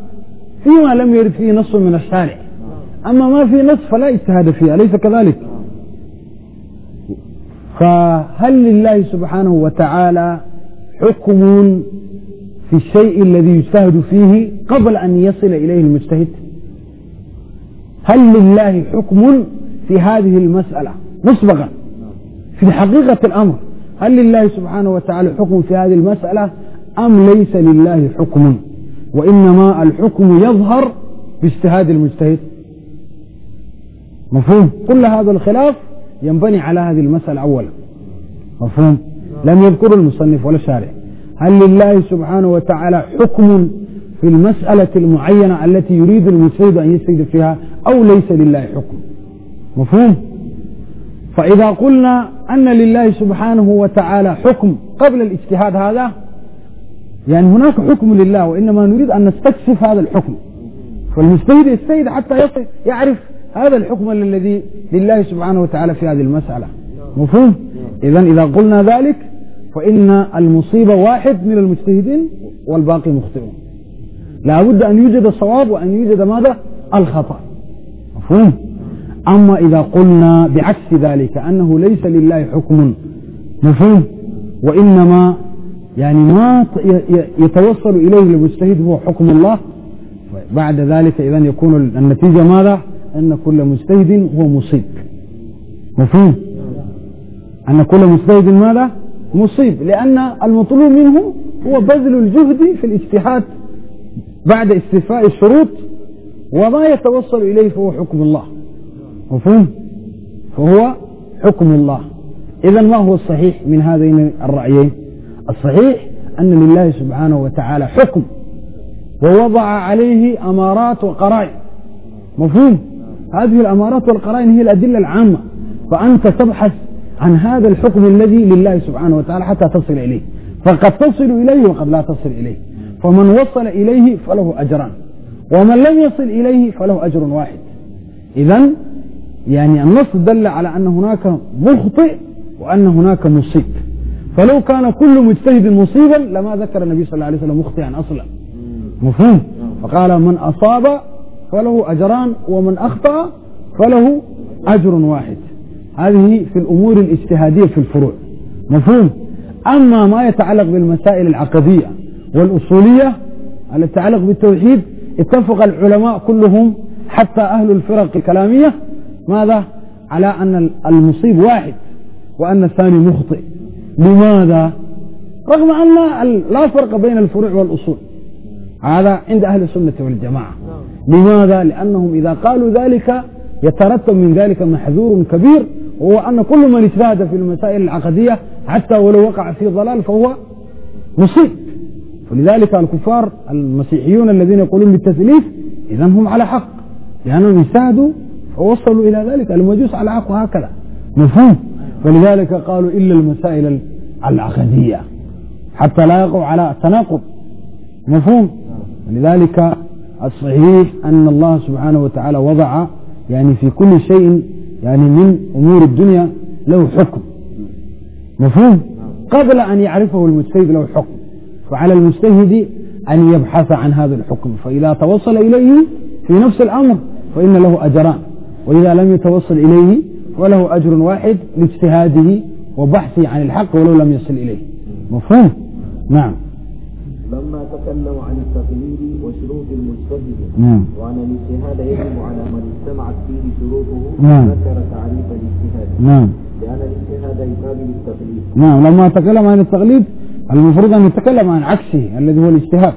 S2: فيما لم يرد فيه نص من الشارع أما ما في نص فلا اجتهاد فيه أليس كذلك فهل لله سبحانه وتعالى حكم في الشيء الذي يجتهد فيه قبل أن يصل إليه المجتهد هل لله حكم في هذه المسألة مسبقا في حقيقة الأمر هل لله سبحانه وتعالى حكم في هذه المسألة أم ليس لله حكم وإنما الحكم يظهر باجتهاد المجتهد مفهوم كل هذا الخلاف ينبني على هذه المسألة أولا مفهوم لم يذكر المصنف ولا الشارع هل لله سبحانه وتعالى حكم في المسألة المعينة التي يريد المجتهد أن يجتهد فيها أو ليس لله حكم مفهوم فإذا قلنا أن لله سبحانه وتعالى حكم قبل الاجتهاد هذا يعني هناك حكم لله وإنما نريد أن نستكشف هذا الحكم فالمجتهد يجتهد حتى يعرف هذا الحكم الذي لله سبحانه وتعالى في هذه المسألة مفهوم؟ إذا إذا قلنا ذلك فإن المصيبة واحد من المجتهدين والباقي مخطئون لابد أن يوجد الصواب وأن يوجد ماذا؟ الخطأ مفهوم؟ أما إذا قلنا بعكس ذلك أنه ليس لله حكم مفهوم وإنما يعني ما يتوصل إليه المجتهد هو حكم الله بعد ذلك إذا يكون النتيجة ماذا أن كل مجتهد هو مصيب مفهوم أن كل مجتهد ماذا مصيب لأن المطلوب منه هو بذل الجهد في الاجتهاد بعد استيفاء الشروط وما يتوصل إليه فهو حكم الله مفهوم فهو حكم الله إذا ما هو الصحيح من هذين الرأيين الصحيح أن لله سبحانه وتعالى حكم ووضع عليه أمارات وقرائن مفهوم هذه الأمارات والقرائن هي الأدلة العامة فأنت تبحث عن هذا الحكم الذي لله سبحانه وتعالى حتى تصل إليه فقد تصل إليه وقد لا تصل إليه فمن وصل إليه فله أجران ومن لم يصل إليه فله أجر واحد إذا يعني النص دل على أن هناك مخطئ وأن هناك مصيب فلو كان كل مجتهد مصيبا لما ذكر النبي صلى الله عليه وسلم مخطئا أصلا مفهوم فقال من أصاب فله أجران ومن أخطأ فله أجر واحد هذه في الأمور الاجتهادية في الفروع مفهوم أما ما يتعلق بالمسائل العقدية والأصولية التي تتعلق بالتوحيد اتفق العلماء كلهم حتى أهل الفرق الكلامية ماذا على أن المصيب واحد وأن الثاني مخطئ لماذا رغم أن لا فرق بين الفروع والأصول هذا عند أهل السنة والجماعة لماذا لأنهم إذا قالوا ذلك يترتب من ذلك محذور كبير وهو أن كل من اجتهد في المسائل العقدية حتى ولو وقع في ضلال فهو مصيب فلذلك الكفار المسيحيون الذين يقولون بالتثليث إذا هم على حق لأنهم اجتهدوا ووصلوا إلى ذلك المجوس ألعقوا هكذا مفهوم ولذلك قالوا إلا المسائل العقدية حتى لا يقع على تناقض مفهوم لذلك الصحيح أن الله سبحانه وتعالى وضع يعني في كل شيء يعني من أمور الدنيا له حكم مفهوم قبل أن يعرفه المجتهد له حكم فعلى المجتهد أن يبحث عن هذا الحكم فإذا توصل إليه في نفس الأمر فإن له أجران وإذا لم يتوصل إليه وله أجر واحد لاجتهاده وبحثه عن الحق ولو لم يصل إليه مفهوم نعم
S1: لما تكلم عن التقليد وشروط المجتهد نعم. وعن الاجتهاد يجب على من اجتمعت فيه شروطه نعم. ذكر تعريف الاجتهاد نعم لأن الاجتهاد يقابل التقليد
S2: نعم لما تكلم عن التقليد المفروض أن يتكلم عن عكسه الذي هو الاجتهاد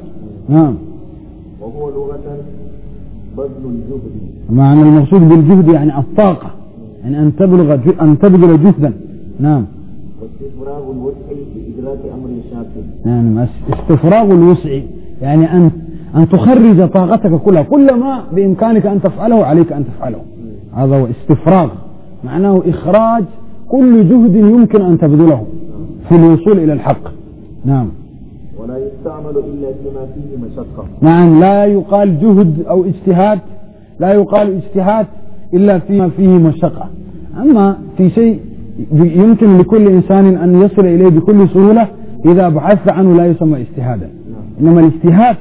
S2: نعم
S1: وهو لغة بذل الجهد
S2: معنى المقصود بالجهد يعني الطاقة يعني أن تبلغ أن تبذل جهدا نعم
S1: واستفراغ الوسع لإدراك أمر شاكل
S2: نعم استفراغ الوسع يعني أن أن تخرج طاقتك كلها كل ما بإمكانك أن تفعله عليك أن تفعله هذا هو استفراغ معناه إخراج كل جهد يمكن أن تبذله في الوصول إلى الحق نعم
S1: ولا يستعمل إلا فيما فيه مشقة
S2: نعم لا يقال جهد أو اجتهاد لا يقال اجتهاد إلا فيما فيه مشقة أما في شيء يمكن لكل إنسان أن يصل إليه بكل سهولة إذا بحث عنه لا يسمى اجتهادا إنما الاجتهاد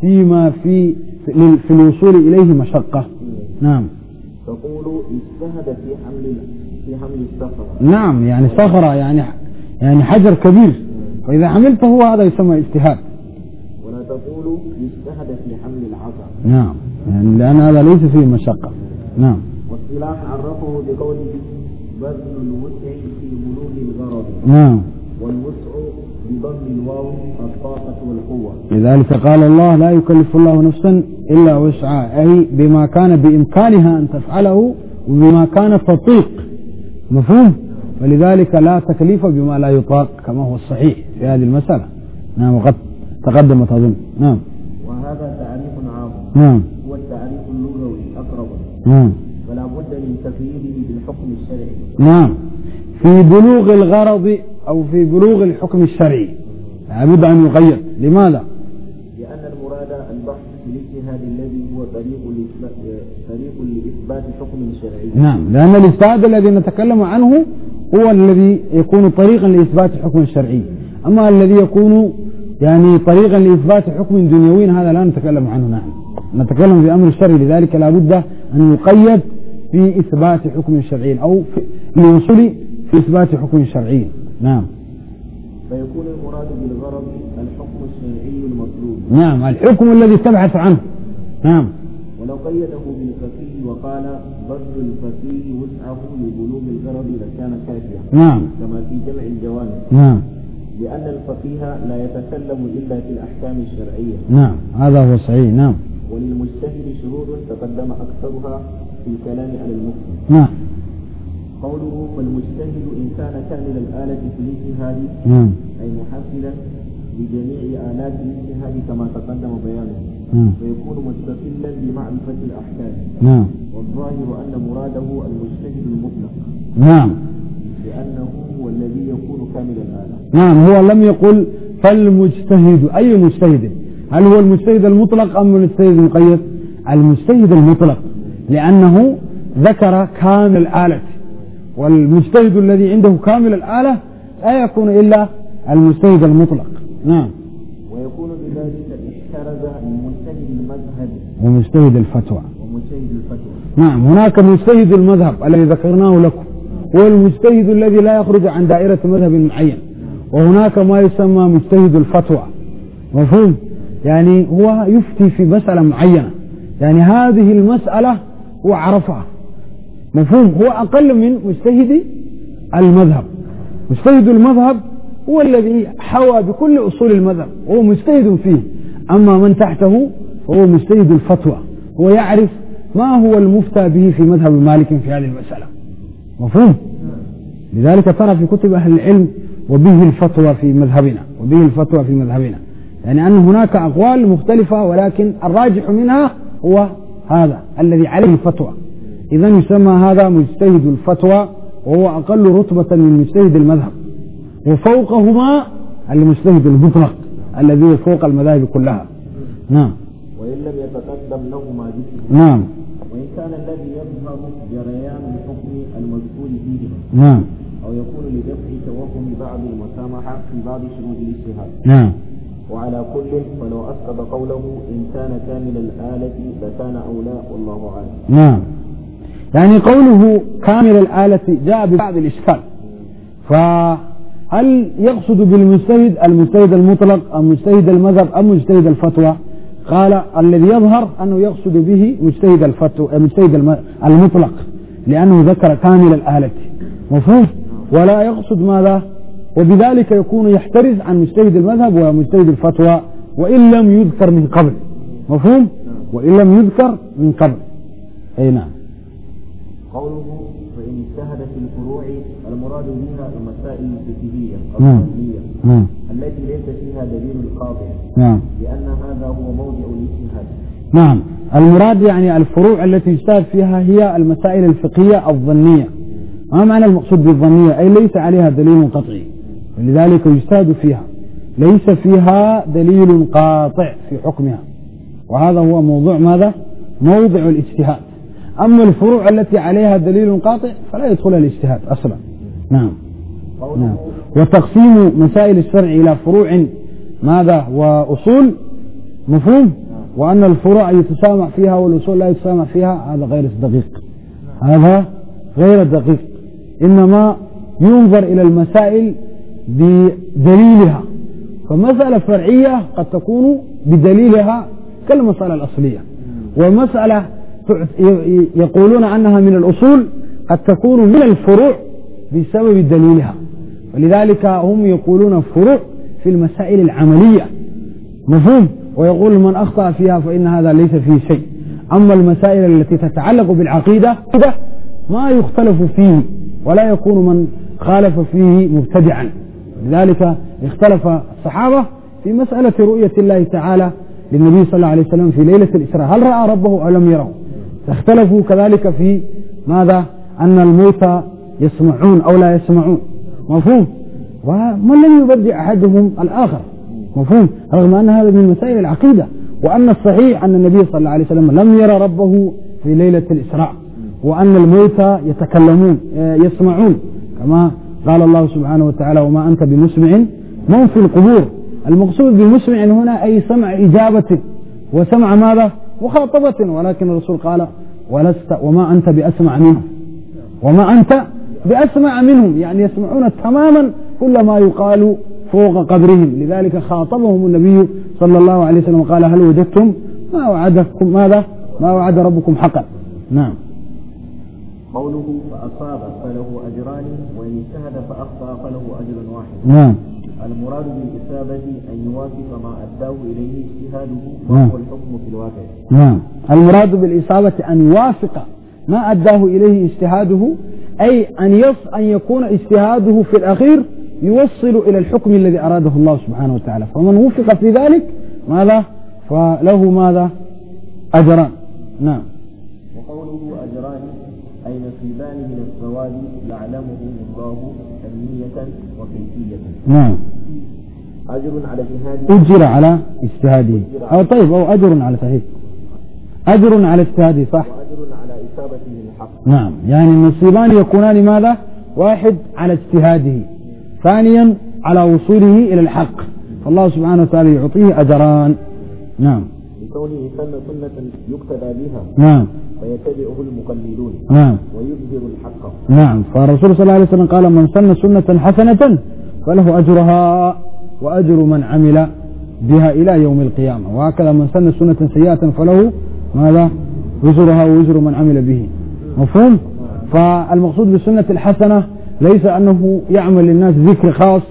S2: فيما في في الوصول إليه مشقة نعم
S1: تقول اجتهد في حمل في حمل السفرة
S2: نعم يعني سفرة يعني يعني حجر كبير فإذا حملته هذا يسمى اجتهاد
S1: ولا تقول اجتهد في حمل العصا
S2: نعم يعني لأن هذا ليس فيه مشقة نعم
S1: والصلاح عرفه بقوله بذل الوسع في بلوغ الغرض نعم والوسع بضم الواو الطاقة والقوة
S2: لذلك قال الله لا يكلف الله نفسا إلا وسعها أي بما كان بإمكانها أن تفعله وبما كان تطيق مفهوم ولذلك لا تكليف بما لا يطاق كما هو الصحيح في هذه المسألة نعم وقد تقدمت أظن نعم
S1: وهذا تعريف عام نعم نعم بد من تقييده بالحكم الشرعي
S2: نعم في بلوغ
S1: الغرض
S2: أو في بلوغ الحكم الشرعي لابد أن يقيد لماذا؟
S1: لأن المراد البحث في الاجتهاد الذي هو طريق طريق لإثبات حكم شرعي
S2: نعم لأن الإجتهاد الذي نتكلم عنه هو الذي يكون طريقا لإثبات حكم شرعي أما الذي يكون يعني طريقا لإثبات حكم دنيوي هذا لا نتكلم عنه نحن نعم. نتكلم في أمر الشرعي لذلك لابد أن يقيد في إثبات حكم شرعي أو الوصول في إثبات حكم شرعي نعم
S1: فيكون المراد بالغرض الحكم الشرعي المطلوب نعم الحكم
S2: الذي تبحث عنه نعم
S1: ولو قيده بالفقيه وقال بذل الفقيه وسعه لبلوغ الغرض لكان كافيا نعم كما في جمع الجوانب نعم لأن الفقيه لا يتكلم إلا في الأحكام الشرعية
S2: نعم هذا هو صحيح نعم
S1: وللمجتهد شهود تقدم أكثرها في الكلام على المسلم نعم قوله فالمجتهد إن كان كامل الآلة في الاجتهاد نعم أي محصلا لجميع آلات الاجتهاد كما تقدم بيانه نعم ويكون مستقلا بمعرفة الأحكام نعم والظاهر أن مراده المجتهد المطلق نعم لأنه هو الذي يكون كامل الآلة
S2: نعم هو لم يقل فالمجتهد أي مجتهد هل هو المجتهد المطلق أم المجتهد المقيد المجتهد المطلق لأنه ذكر كامل الآلة والمجتهد الذي عنده كامل الآلة
S1: لا يكون إلا
S2: المجتهد المطلق نعم
S1: ويكون بذلك اشترز مجتهد المذهب
S2: ومجتهد الفتوى
S1: ومجتهد الفتوى
S2: نعم هناك مجتهد المذهب الذي ذكرناه لكم هو المجتهد الذي لا يخرج عن دائرة مذهب معين وهناك ما يسمى مجتهد الفتوى مفهوم يعني هو يفتي في مسألة معينة يعني هذه المسألة هو عرفها مفهوم هو أقل من مجتهد المذهب مجتهد المذهب هو الذي حوى بكل أصول المذهب هو مجتهد فيه أما من تحته فهو مجتهد الفتوى هو يعرف ما هو المفتى به في مذهب مالك في هذه المسألة مفهوم لذلك ترى في كتب أهل العلم وبه الفتوى في مذهبنا وبه الفتوى في مذهبنا يعني أن هناك أقوال مختلفة ولكن الراجح منها هو هذا الذي عليه فتوى إذا يسمى هذا مجتهد الفتوى وهو أقل رتبة من مجتهد المذهب وفوقهما المجتهد المطلق الذي فوق المذاهب كلها
S1: نعم وإن لم يتقدم لهما ذكر نعم وإن كان الذي يظهر جريان الحكم المذكور فيهما نعم أو يكون لدفع توهم بعض المسامحة في بعض شروط الاجتهاد نعم وعلى كل فلو أسقط قوله إن كان كامل الآلة لكان أولى والله أعلم نعم
S2: يعني قوله كامل الآلة جاء ببعض الإشكال فهل يقصد بالمجتهد المجتهد المطلق أم مجتهد المذهب أم مجتهد الفتوى قال الذي يظهر أنه يقصد به مجتهد الفتوى أه، مجتهد المطلق لأنه ذكر كامل الآلة مفهوم ولا يقصد ماذا وبذلك يكون يحترز عن مجتهد المذهب ومجتهد الفتوى وإن لم يذكر من قبل مفهوم؟ وإن لم يذكر من قبل أي نعم
S1: قوله فإن اجتهد في الفروع المراد منها المسائل الفقهية نعم. الأصولية نعم. التي ليس فيها دليل القاضي نعم لأن هذا هو موضع الاجتهاد
S2: نعم المراد يعني الفروع التي اجتهد فيها هي المسائل الفقهية الظنية ما معنى المقصود بالظنية أي ليس عليها دليل قطعي ولذلك يجتهد فيها ليس فيها دليل قاطع في حكمها وهذا هو موضوع ماذا موضع الاجتهاد أما الفروع التي عليها دليل قاطع فلا يدخلها الاجتهاد أصلا نعم نعم وتقسيم مسائل الشرع إلى فروع ماذا وأصول مفهوم وأن الفروع يتسامع فيها والأصول لا يتسامع فيها هذا غير دقيق هذا غير دقيق إنما ينظر إلى المسائل بدليلها فمسألة فرعية قد تكون بدليلها كالمسألة الأصلية ومسألة يقولون أنها من الأصول قد تكون من الفروع بسبب دليلها ولذلك هم يقولون فروع في المسائل العملية مفهوم ويقول من أخطأ فيها فإن هذا ليس فيه شيء أما المسائل التي تتعلق بالعقيدة ما يختلف فيه ولا يكون من خالف فيه مبتدعا لذلك اختلف الصحابة في مسألة رؤية الله تعالى للنبي صلى الله عليه وسلم في ليلة الإسراء هل رأى ربه أو لم يره اختلفوا كذلك في ماذا أن الموتى يسمعون أو لا يسمعون مفهوم ومن لم يبدع أحدهم الآخر مفهوم رغم أن هذا من مسائل العقيدة وأن الصحيح أن النبي صلى الله عليه وسلم لم يرى ربه في ليلة الإسراء وأن الموتى يتكلمون آه، يسمعون كما قال الله سبحانه وتعالى وما أنت بمسمع من في القبور المقصود بمسمع هنا أي سمع إجابة وسمع ماذا مخاطبة ولكن الرسول قال ولست وما أنت بأسمع منهم وما أنت بأسمع منهم يعني يسمعون تماما كل ما يقال فوق قبرهم لذلك خاطبهم النبي صلى الله عليه وسلم قال هل وجدتم ما وعدكم ماذا ما وعد ربكم حقا نعم
S1: قوله فأصاب فله أجران وإن اجتهد فأخطأ فله أجر واحد نعم المراد بالإصابة أن يوافق ما أداه إليه اجتهاده نعم. وهو الحكم في الواقع
S2: نعم المراد بالإصابة أن يوافق ما أداه إليه اجتهاده أي أن يص أن يكون اجتهاده في الأخير يوصل إلى الحكم الذي أراده الله سبحانه وتعالى فمن وفق في ذلك ماذا فله ماذا أجران نعم
S1: وقوله أجران أي نصيبان من الثواب يعلمه الله كمية وكيفية نعم أجر على اجتهاده أجر على
S2: اجتهاده أو طيب أو أجر على صحيح أجر على اجتهاده صح
S1: وأجر على إصابته الحق نعم
S2: يعني النصيبان يكونان ماذا واحد على اجتهاده ثانيا على وصوله إلى الحق فالله سبحانه وتعالى يعطيه أجران نعم
S1: لكونه سن سنة يقتدى بها نعم فيتبعه المقلدون نعم ويظهر الحق
S2: نعم فالرسول صلى الله عليه وسلم قال من سن سنة حسنة فله أجرها وأجر من عمل بها إلى يوم القيامة وهكذا من سن سنة سيئة فله ماذا وزرها ووزر من عمل به مفهوم فالمقصود بالسنة الحسنة ليس أنه يعمل للناس ذكر خاص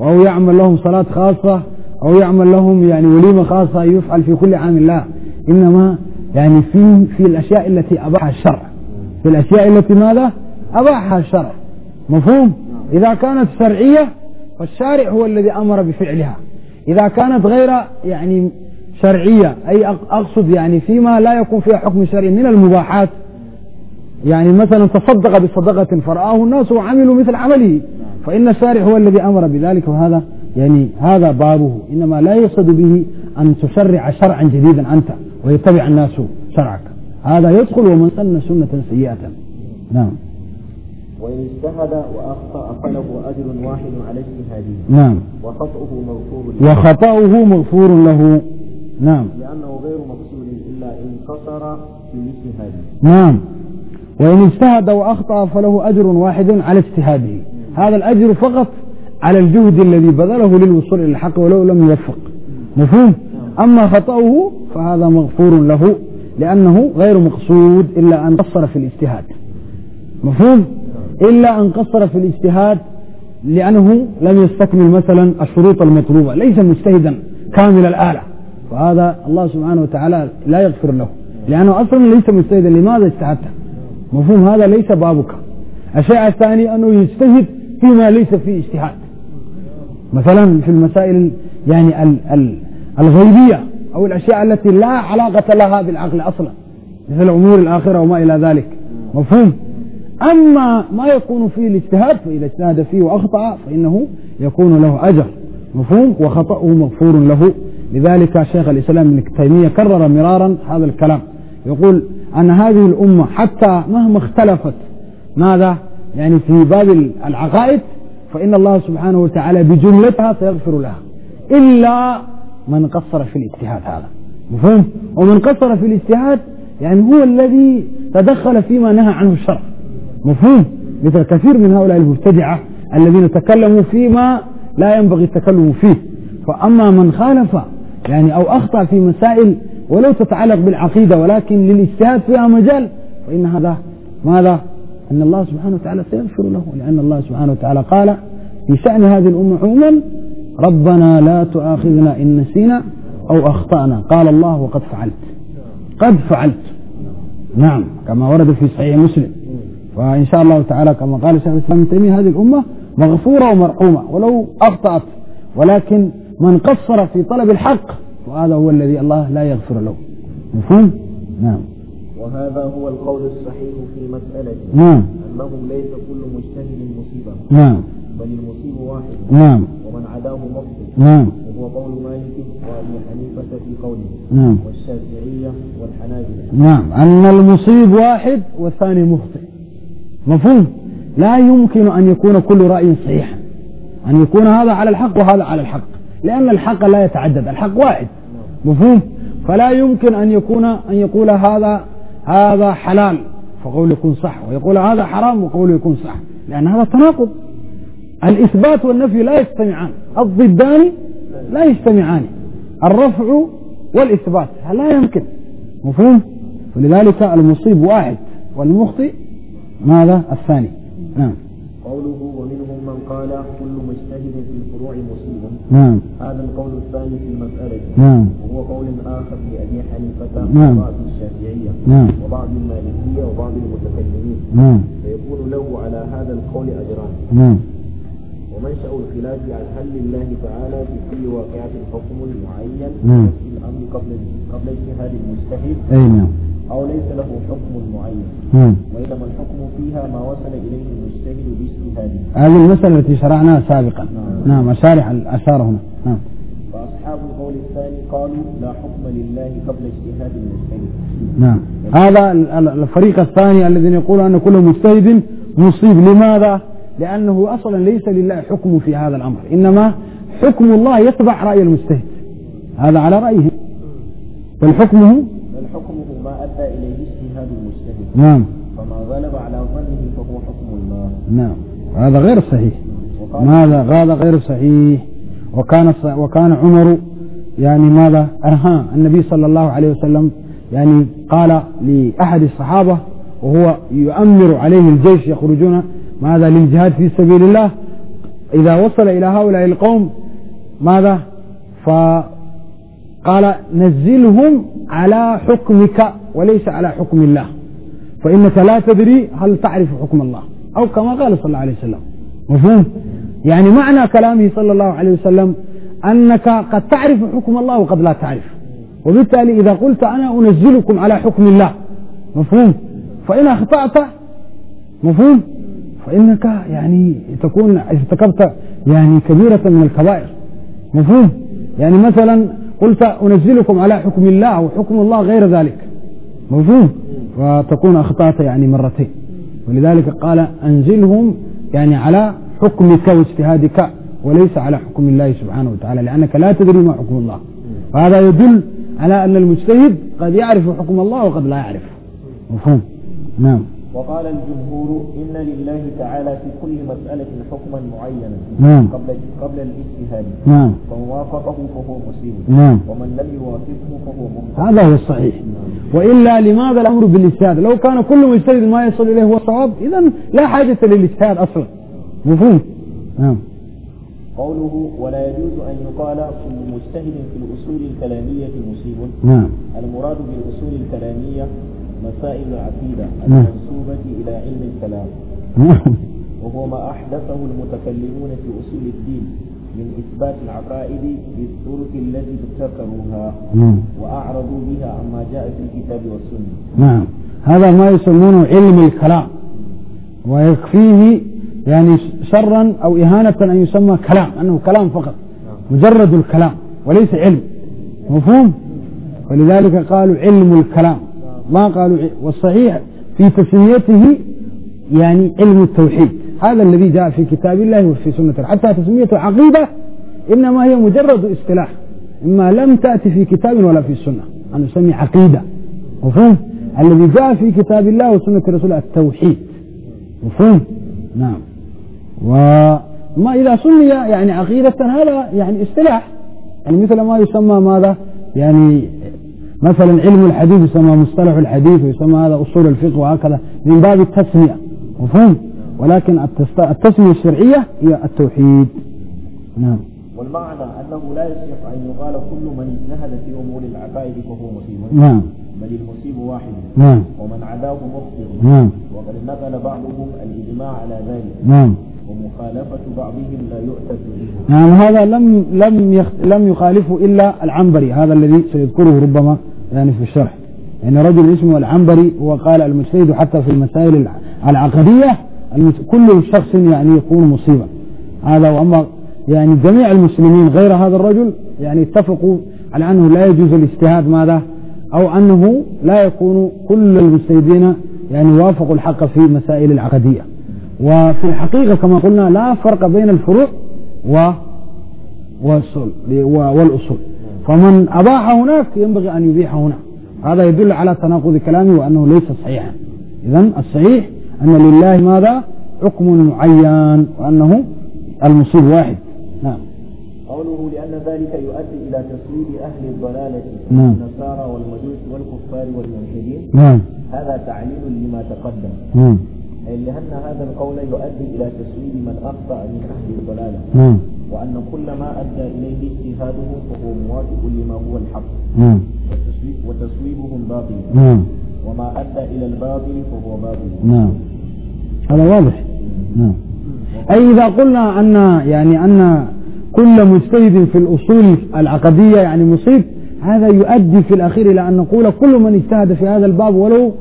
S2: أو يعمل لهم صلاة خاصة أو يعمل لهم يعني وليمة خاصة يفعل في كل عام لا إنما يعني في في الأشياء التي أباحها الشرع في الأشياء التي ماذا أباحها الشرع مفهوم إذا كانت شرعية فالشارع هو الذي أمر بفعلها إذا كانت غير يعني شرعية أي أقصد يعني فيما لا يكون فيها حكم شرعي من المباحات يعني مثلا تصدق بصدقة فرآه الناس وعملوا مثل عمله فإن الشارع هو الذي أمر بذلك وهذا يعني هذا بابه إنما لا يقصد به أن تشرع شرعا جديدا أنت ويتبع الناس شرعك هذا يدخل ومن سن سنة سيئة نعم
S1: وإن اجتهد وأخطأ فله أجر واحد عليه هذه نعم وخطأه مغفور له
S2: وخطأه مغفور له نعم
S1: لأنه غير مقصود إلا إن قصر في مثل هذه
S2: نعم وإن اجتهد وأخطأ فله أجر واحد على اجتهاده هذا الأجر فقط على الجهد الذي بذله للوصول إلى الحق ولو لم يوفق مفهوم نعم. أما خطأه فهذا مغفور له لأنه غير مقصود إلا أن قصر في الاجتهاد مفهوم إلا أن قصر في الاجتهاد لأنه لم يستكمل مثلا الشروط المطلوبة ليس مجتهدا كامل الآلة فهذا الله سبحانه وتعالى لا يغفر له لأنه أصلا ليس مجتهدا لماذا اجتهدت مفهوم هذا ليس بابك الشيء الثاني أنه يجتهد فيما ليس فيه اجتهاد مثلا في المسائل يعني الغيبية أو الأشياء التي لا علاقة لها بالعقل أصلا مثل أمور الآخرة وما إلى ذلك مفهوم أما ما يكون فيه الاجتهاد فإذا اجتهد فيه وأخطأ فإنه يكون له أجر مفهوم وخطأه مغفور له لذلك شيخ الإسلام ابن تيمية كرر مرارا هذا الكلام يقول أن هذه الأمة حتى مهما اختلفت ماذا يعني في باب العقائد فإن الله سبحانه وتعالى بجملتها سيغفر لها إلا من قصر في الاجتهاد هذا مفهوم ومن قصر في الاجتهاد يعني هو الذي تدخل فيما نهى عنه الشرع مفهوم مثل كثير من هؤلاء المبتدعة الذين تكلموا فيما لا ينبغي التكلم فيه فأما من خالف يعني أو أخطأ في مسائل ولو تتعلق بالعقيدة ولكن للاجتهاد فيها مجال فإن هذا ماذا أن الله سبحانه وتعالى سيغفر له لأن الله سبحانه وتعالى قال في شأن هذه الأمة عموما ربنا لا تؤاخذنا إن نسينا أو أخطأنا قال الله وقد فعلت قد فعلت نعم كما ورد في صحيح مسلم فإن شاء الله تعالى كما قال شيخ الإسلام تيمية هذه الأمة مغفورة ومرحومة ولو أخطأت ولكن من قصر في طلب الحق فهذا هو الذي الله لا يغفر له مفهوم؟ نعم
S1: وهذا هو القول الصحيح في مسألة نعم أنه ليس كل مجتهد مصيبة نعم بل المصيب واحد نعم ومن عداه مصيب نعم وهو قول مالك وابي حنيفه في قوله نعم والشافعيه والحنابله
S2: نعم ان المصيب واحد والثاني مخطئ مفهوم لا يمكن ان يكون كل راي صحيحا ان يكون هذا على الحق وهذا على الحق لان الحق لا يتعدد الحق واحد مفهوم فلا يمكن ان يكون ان يقول هذا هذا حلال فقوله يكون صح ويقول هذا حرام وقوله يكون صح لأن هذا تناقض الإثبات والنفي لا يجتمعان الضدان لا يجتمعان الرفع والإثبات لا يمكن مفهوم فلذلك المصيب واحد والمخطئ ماذا الثاني نعم
S1: قوله ومنهم من قال كل مجتهد في الفروع مصيب نعم هذا القول الثاني في المسألة نعم وهو قول آخر لأبي حنيفة نعم وبعض الشافعية نعم وبعض المالكية وبعض المتكلمين نعم فيكون له على هذا القول أجران نعم ومنشأ الخلاف عن هل لله تعالى في كل واقعة حكم معين في الأمر قبل قبل اجتهاد المجتهد نعم. أو ليس له حكم معين وإنما الحكم فيها ما وصل إليه المجتهد باجتهاده هذه
S2: المسألة التي شرعناها سابقا
S1: نعم, نعم، شارح
S2: الأشار هنا نعم
S1: فأصحاب القول الثاني قالوا لا حكم لله قبل اجتهاد المجتهد
S2: نعم هذا الفريق الثاني الذين يقولون أن كل مجتهد مصيب لماذا؟ لأنه أصلا ليس لله حكم في هذا الأمر إنما حكم الله يتبع رأي المجتهد هذا على رأيه بل حكمه بل
S1: حكمه ما أدى إليه اجتهاد المجتهد نعم فما غلب على ظنه فهو حكم الله
S2: نعم هذا غير صحيح ماذا هذا غير صحيح وكان وكان عمر يعني ماذا أرها النبي صلى الله عليه وسلم يعني قال لأحد الصحابة وهو يؤمر عليه الجيش يخرجون ماذا للجهاد في سبيل الله إذا وصل إلى هؤلاء القوم ماذا فقال نزلهم على حكمك وليس على حكم الله فإنك لا تدري هل تعرف حكم الله أو كما قال صلى الله عليه وسلم مفهوم يعني معنى كلامه صلى الله عليه وسلم أنك قد تعرف حكم الله وقد لا تعرف وبالتالي إذا قلت أنا أنزلكم على حكم الله مفهوم فإن أخطأت مفهوم فإنك يعني تكون ارتكبت يعني كبيرة من الكبائر مفهوم يعني مثلا قلت أنزلكم على حكم الله وحكم الله غير ذلك مفهوم فتكون أخطأت يعني مرتين ولذلك قال أنزلهم يعني على حكمك واجتهادك وليس على حكم الله سبحانه وتعالى لأنك لا تدري ما حكم الله فهذا يدل على أن المجتهد قد يعرف حكم الله وقد لا يعرف
S1: مفهوم نعم وقال الجمهور إن لله تعالى في كل مسألة حكما معينا نعم. قبل قبل الاجتهاد نعم فمن وافقه فهو مسلم نعم ومن لم يوافقه فهو ممتنع
S2: هذا هو الصحيح
S1: نعم.
S2: وإلا لماذا الأمر بالاجتهاد لو كان كل مجتهد ما يصل إليه هو صواب إذا لا حاجة للاجتهاد أصلا مفهوم
S1: نعم قوله ولا يجوز أن يقال كل مجتهد في الأصول الكلامية مصيب نعم المراد بالأصول الكلامية مسائل العقيدة نعم. المنسوبة إلى علم الكلام نعم. وهو ما أحدثه المتكلمون في أصول الدين من إثبات العقائد بالطرق التي ابتكروها نعم. وأعرضوا بها عما جاء في الكتاب والسنة
S2: نعم هذا ما يسمونه علم الكلام ويكفيه يعني شرا أو إهانة أن يسمى كلام أنه كلام فقط مجرد الكلام وليس علم مفهوم ولذلك قالوا علم الكلام ما قالوا والصحيح في تسميته يعني علم التوحيد هذا الذي جاء في كتاب الله وفي سنة حتى تسميته عقيدة إنما هي مجرد اصطلاح إما لم تأتي في كتاب ولا في السنة أن نسمي عقيدة مفهوم الذي جاء في كتاب الله وسنة الرسول التوحيد مفهوم نعم وما إذا سمي يعني عقيدة هذا يعني اصطلاح يعني مثل ما يسمى ماذا يعني مثلا علم الحديث يسمى مصطلح الحديث ويسمى هذا أصول الفقه وهكذا من باب التسمية مفهوم ولكن التسمية الشرعية هي التوحيد
S1: نعم والمعنى أنه لا يصح أن يقال كل من اجتهد في أمور العقائد فهو مصيب نعم بل المصيب واحد نعم ومن عداه مخطئ نعم وقد نقل بعضهم الإجماع على ذلك نعم ومخالفة بعضهم لا يؤتى
S2: نعم هذا لم لم يخ... لم يخالفه إلا العنبري هذا الذي سيذكره ربما يعني في الشرح يعني رجل اسمه العنبري وقال المجتهد حتى في المسائل العقدية كل شخص يعني يكون مصيبا هذا وأما يعني جميع المسلمين غير هذا الرجل يعني اتفقوا على أنه لا يجوز الاجتهاد ماذا أو أنه لا يكون كل المجتهدين يعني وافقوا الحق في مسائل العقدية وفي الحقيقة كما قلنا لا فرق بين الفروع و والأصول فمن أباح هناك ينبغي أن يبيح هنا هذا يدل على تناقض كلامي وأنه ليس صحيحا إذا الصحيح أن لله ماذا حكم معين وأنه المصيب واحد
S1: نعم قوله لأن ذلك يؤدي إلى تصوير أهل الضلالة نعم. النصارى والمجوس والكفار والملحدين نعم. هذا تعليل لما تقدم نعم. أي لأن هذا القول يؤدي إلى تصوير من أخطأ من أهل الضلالة نعم. وأن كل ما أدى إليه اجتهاده فهو موافق لما هو الحق نعم. وتسويبهم باطل نعم وما أدى إلى الباطل فهو باطل نعم هذا واضح نعم
S2: أي إذا قلنا أن يعني أن كل مجتهد في الأصول العقدية يعني مصيب هذا يؤدي في الأخير إلى أن نقول كل من اجتهد في هذا الباب ولو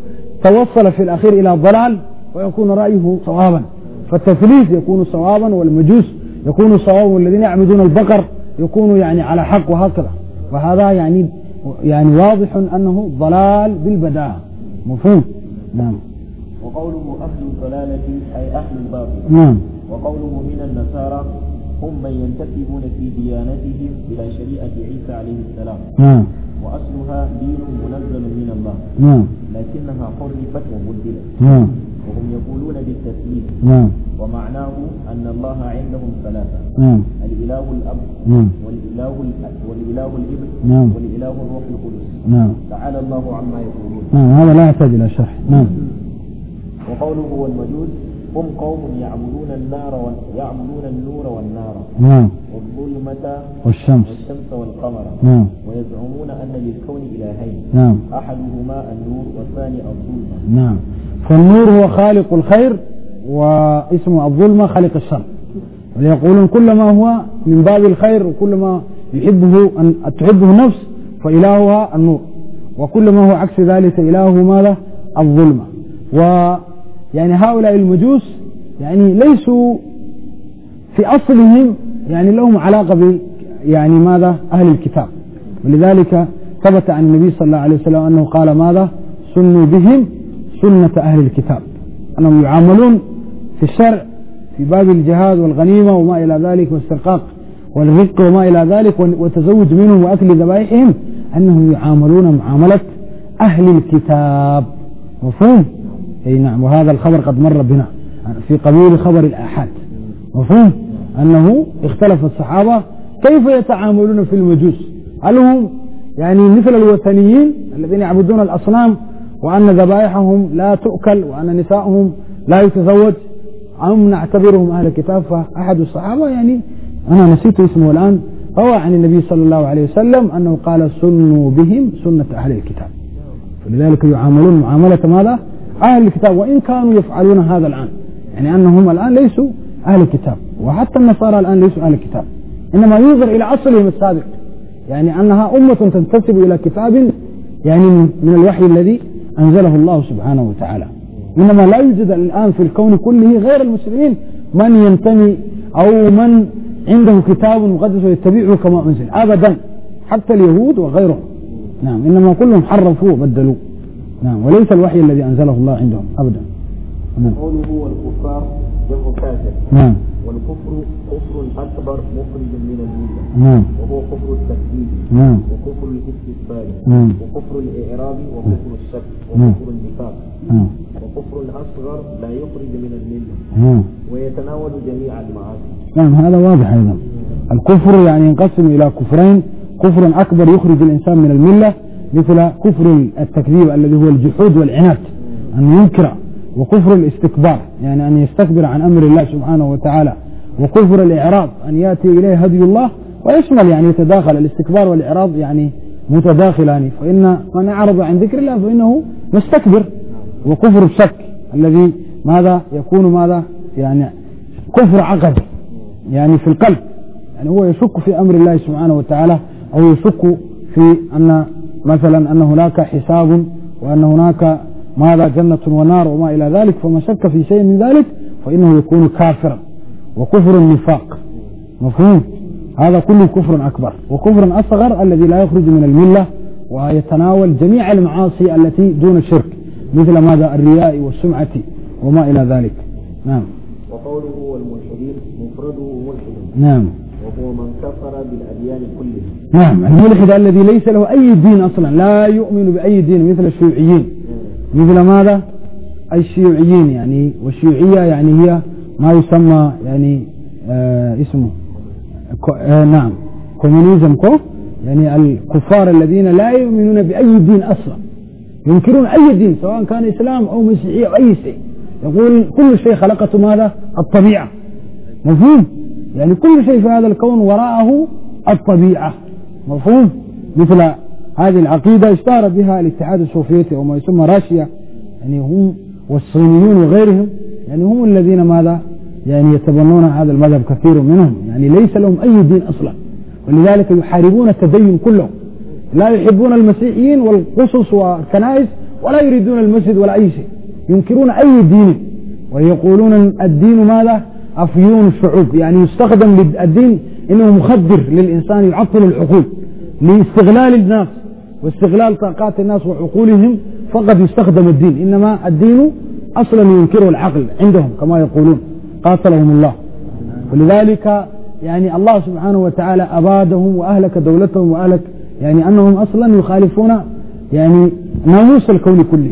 S2: توصل في الأخير إلى الضلال ويكون رأيه صوابا فالتثليث يكون صوابا والمجوس يكون صواب الذين يعبدون البقر يكونوا يعني على حق وهكذا وهذا يعني يعني واضح أنه ضلال بالبداهة مفهوم نعم
S1: وقوله أهل الضلالة أي أهل الباطل نعم وقوله من النصارى هم من ينتسبون في ديانتهم إلى شريعة عيسى عليه السلام نعم وأصلها دين منزل من الله نعم لكنها حرفت وبدلت نعم وهم يقولون بالتثليث نعم ومعناه أن الله عندهم ثلاثة نعم الإله الأب نعم والإله والإله الابن نعم والإله الروح القدس نعم تعالى الله عما يقولون
S2: نعم هذا لا يحتاج إلى شرح نعم
S1: وقوله والمجوس هم قوم يعبدون النار يعبدون النور والنار نعم والظلمة والشمس والشمس والقمر نعم ويزعمون أن للكون إلهين نعم أحدهما النور والثاني الظلمة
S2: نعم فالنور هو خالق الخير واسم الظلمة خالق الشر يقولون كل ما هو من باب الخير وكل ما يحبه أن تحبه النفس فإلهها النور وكل ما هو عكس ذلك إلهه ماذا الظلمة ويعني هؤلاء المجوس يعني ليسوا في أصلهم يعني لهم علاقة ب يعني ماذا أهل الكتاب ولذلك ثبت عن النبي صلى الله عليه وسلم أنه قال ماذا سنوا بهم سنة أهل الكتاب أنهم يعاملون في الشرع في باب الجهاد والغنيمة وما إلى ذلك والسرقاق والرق وما إلى ذلك وتزوج منهم وأكل ذبائحهم أنهم يعاملون معاملة أهل الكتاب مفهوم؟ أي نعم وهذا الخبر قد مر بنا في قبيل خبر الآحاد مفهوم؟ أنه اختلف الصحابة كيف يتعاملون في المجوس هل هم يعني مثل الوثنيين الذين يعبدون الأصنام وأن ذبائحهم لا تؤكل وأن نسائهم لا يتزوج أم نعتبرهم أهل كتاب فأحد الصحابة يعني أنا نسيت اسمه الآن روى عن النبي صلى الله عليه وسلم أنه قال سنوا بهم سنة أهل الكتاب فلذلك يعاملون معاملة ماذا أهل الكتاب وإن كانوا يفعلون هذا الآن يعني أنهم الآن ليسوا أهل الكتاب وحتى النصارى الآن ليسوا أهل الكتاب إنما ينظر إلى أصلهم السابق يعني أنها أمة تنتسب إلى كتاب يعني من الوحي الذي أنزله الله سبحانه وتعالى إنما لا يوجد الآن في الكون كله غير المسلمين من ينتمي أو من عنده كتاب مقدس ويتبعه كما أنزل أبدا حتى اليهود وغيرهم نعم إنما كلهم حرفوه وبدلوه نعم وليس الوحي الذي أنزله الله عندهم أبدا
S1: نعم. قوله والكفار جمع كافر نعم والكفر كفر أكبر مخرج من الملة وهو كفر التكذيب وكفر الاستكبار وكفر الإعراب وكفر الشك وكفر النفاق وكفر أصغر لا يخرج من الملة ويتناول جميع المعاصي
S2: نعم هذا واضح أيضا الكفر يعني ينقسم إلى كفرين كفر أكبر يخرج الإنسان من الملة مثل كفر التكذيب الذي هو الجحود والعناد أن ينكر وكفر الاستكبار يعني أن يستكبر عن أمر الله سبحانه وتعالى وكفر الإعراض أن يأتي إليه هدي الله ويشمل يعني يتداخل الاستكبار والإعراض يعني متداخلان فإن من أعرض عن ذكر الله فإنه مستكبر وكفر الشك الذي ماذا يكون ماذا يعني كفر عقد يعني في القلب يعني هو يشك في أمر الله سبحانه وتعالى أو يشك في أن مثلا أن هناك حساب وأن هناك ماذا جنة ونار وما إلى ذلك فما شك في شيء من ذلك فإنه يكون كافرا وكفر النفاق مفهوم هذا كله كفر أكبر وكفر أصغر الذي لا يخرج من الملة ويتناول جميع المعاصي التي دون الشرك مثل ماذا الرياء والسمعة وما إلى ذلك نعم
S1: وقوله والملحدين مفرده ملحد نعم وهو من كفر بالأديان كلها
S2: نعم الملحد الذي ليس له أي دين أصلا لا يؤمن بأي دين مثل الشيوعيين مثل ماذا الشيوعيين يعني والشيوعية يعني هي ما يسمى يعني آه اسمه كو آه نعم كومونيزم كو يعني الكفار الذين لا يؤمنون بأي دين أصلا ينكرون أي دين سواء كان إسلام أو مسيحية أو أي شيء يقول كل شيء خلقته ماذا الطبيعة مفهوم يعني كل شيء في هذا الكون وراءه الطبيعة مفهوم مثل هذه العقيدة اشتهر بها الاتحاد السوفيتي وما يسمى راشيا يعني هم والصينيون وغيرهم يعني هم الذين ماذا يعني يتبنون هذا المذهب كثير منهم يعني ليس لهم أي دين أصلا ولذلك يحاربون التدين كله لا يحبون المسيحيين والقصص والكنائس ولا يريدون المسجد ولا أي شيء ينكرون أي دين ويقولون الدين ماذا أفيون الشعوب يعني يستخدم الدين أنه مخدر للإنسان يعطل العقول لاستغلال الناس واستغلال طاقات الناس وعقولهم فقد يستخدم الدين إنما الدين أصلا ينكره العقل عندهم كما يقولون قاتلهم الله ولذلك يعني الله سبحانه وتعالى أبادهم وأهلك دولتهم وأهلك يعني أنهم أصلا يخالفون يعني ناموس الكون كله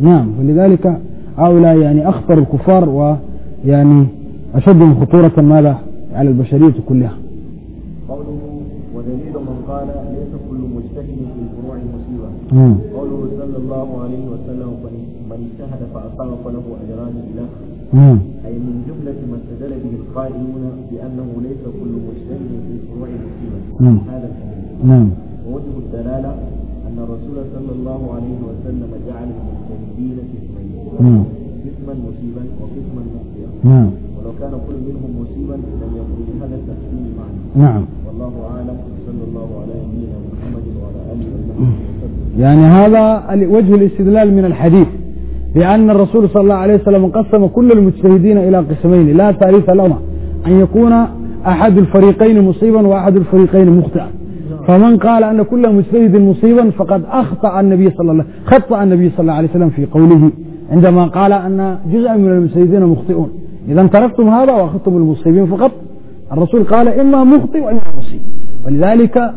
S2: نعم ولذلك هؤلاء يعني أخطر الكفار ويعني أشدهم خطورة ماذا على البشرية كلها
S1: قوله ودليل من قال قوله صلى الله عليه وسلم من اجتهد فأصاب فله أجران إلى أي من جملة ما استدل به القائلون بأنه ليس كل مجتهد في فروع المسلمة هذا الحديث ووجه الدلالة أن الرسول صلى الله عليه وسلم جعل المجتهدين قسمين قسما مصيبا وقسما مخطئا ولو كان كل منهم مصيبا لم يكن لهذا التحسين معنى نعم
S2: يعني هذا وجه الاستدلال من الحديث بأن الرسول صلى الله عليه وسلم قسم كل المجتهدين إلى قسمين لا تعريف لهما أن يكون أحد الفريقين مصيبا وأحد الفريقين مخطئا فمن قال أن كل مجتهد مصيبا فقد أخطأ النبي صلى الله عليه خطأ النبي صلى الله عليه وسلم في قوله عندما قال أن جزءا من المجتهدين مخطئون إذا تركتم هذا وأخذتم المصيبين فقط الرسول قال إما مخطئ وإما مصيب ولذلك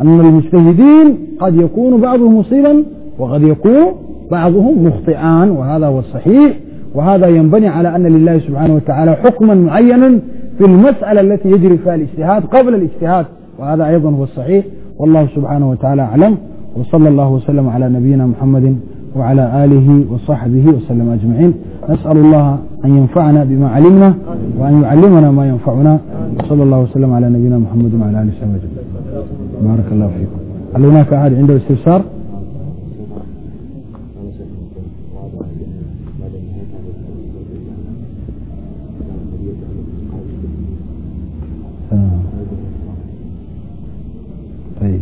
S2: أن المجتهدين قد يكون بعضهم مصيبا وقد يكون بعضهم مخطئان وهذا هو الصحيح وهذا ينبني على أن لله سبحانه وتعالى حكما معينا في المسألة التي يجري فيها الاجتهاد قبل الاجتهاد وهذا أيضا هو الصحيح والله سبحانه وتعالى أعلم وصلى الله وسلم على نبينا محمد وعلى آله وصحبه وسلم أجمعين نسأل الله أن ينفعنا بما علمنا وأن يعلمنا ما ينفعنا وصلى الله وسلم على نبينا محمد وعلى آله وسلم أجمعين
S1: بارك الله فيكم
S2: هل هناك أحد عنده استفسار؟
S1: آه. طيب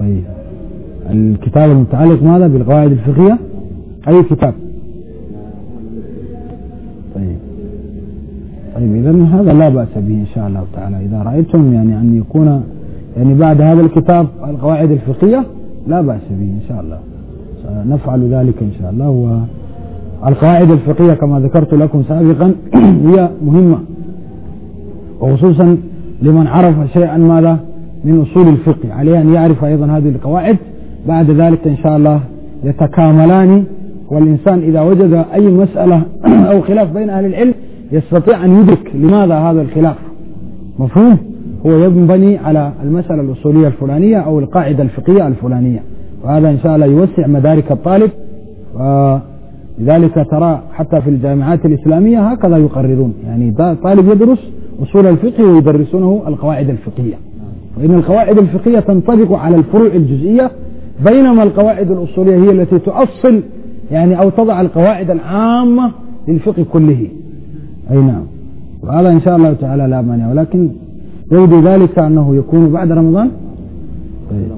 S1: طيب
S2: الكتاب المتعلق ماذا بالقواعد الفقهية أي كتاب طيب طيب إذا هذا لا بأس به إن شاء الله تعالى إذا رأيتم يعني أن يكون يعني بعد هذا الكتاب القواعد الفقهية لا بأس به إن شاء الله نفعل ذلك إن شاء الله والقواعد الفقهية كما ذكرت لكم سابقا هي مهمة وخصوصا لمن عرف شيئا ماذا من أصول الفقه عليه أن يعرف أيضا هذه القواعد بعد ذلك إن شاء الله يتكاملان والإنسان إذا وجد أي مسألة أو خلاف بين أهل العلم يستطيع أن يدرك لماذا هذا الخلاف مفهوم؟ هو ينبني على المسألة الأصولية الفلانية أو القاعدة الفقهية الفلانية وهذا إن شاء الله يوسع مدارك الطالب لذلك ترى حتى في الجامعات الإسلامية هكذا يقررون يعني طالب يدرس أصول الفقه ويدرسونه القواعد الفقهية فإن القواعد الفقهية تنطبق على الفروع الجزئية بينما القواعد الأصولية هي التي تؤصل يعني أو تضع القواعد العامة للفقه كله أي نعم وهذا إن شاء الله تعالى لا مانع ولكن يبدو ذلك أنه يكون بعد رمضان
S1: طيب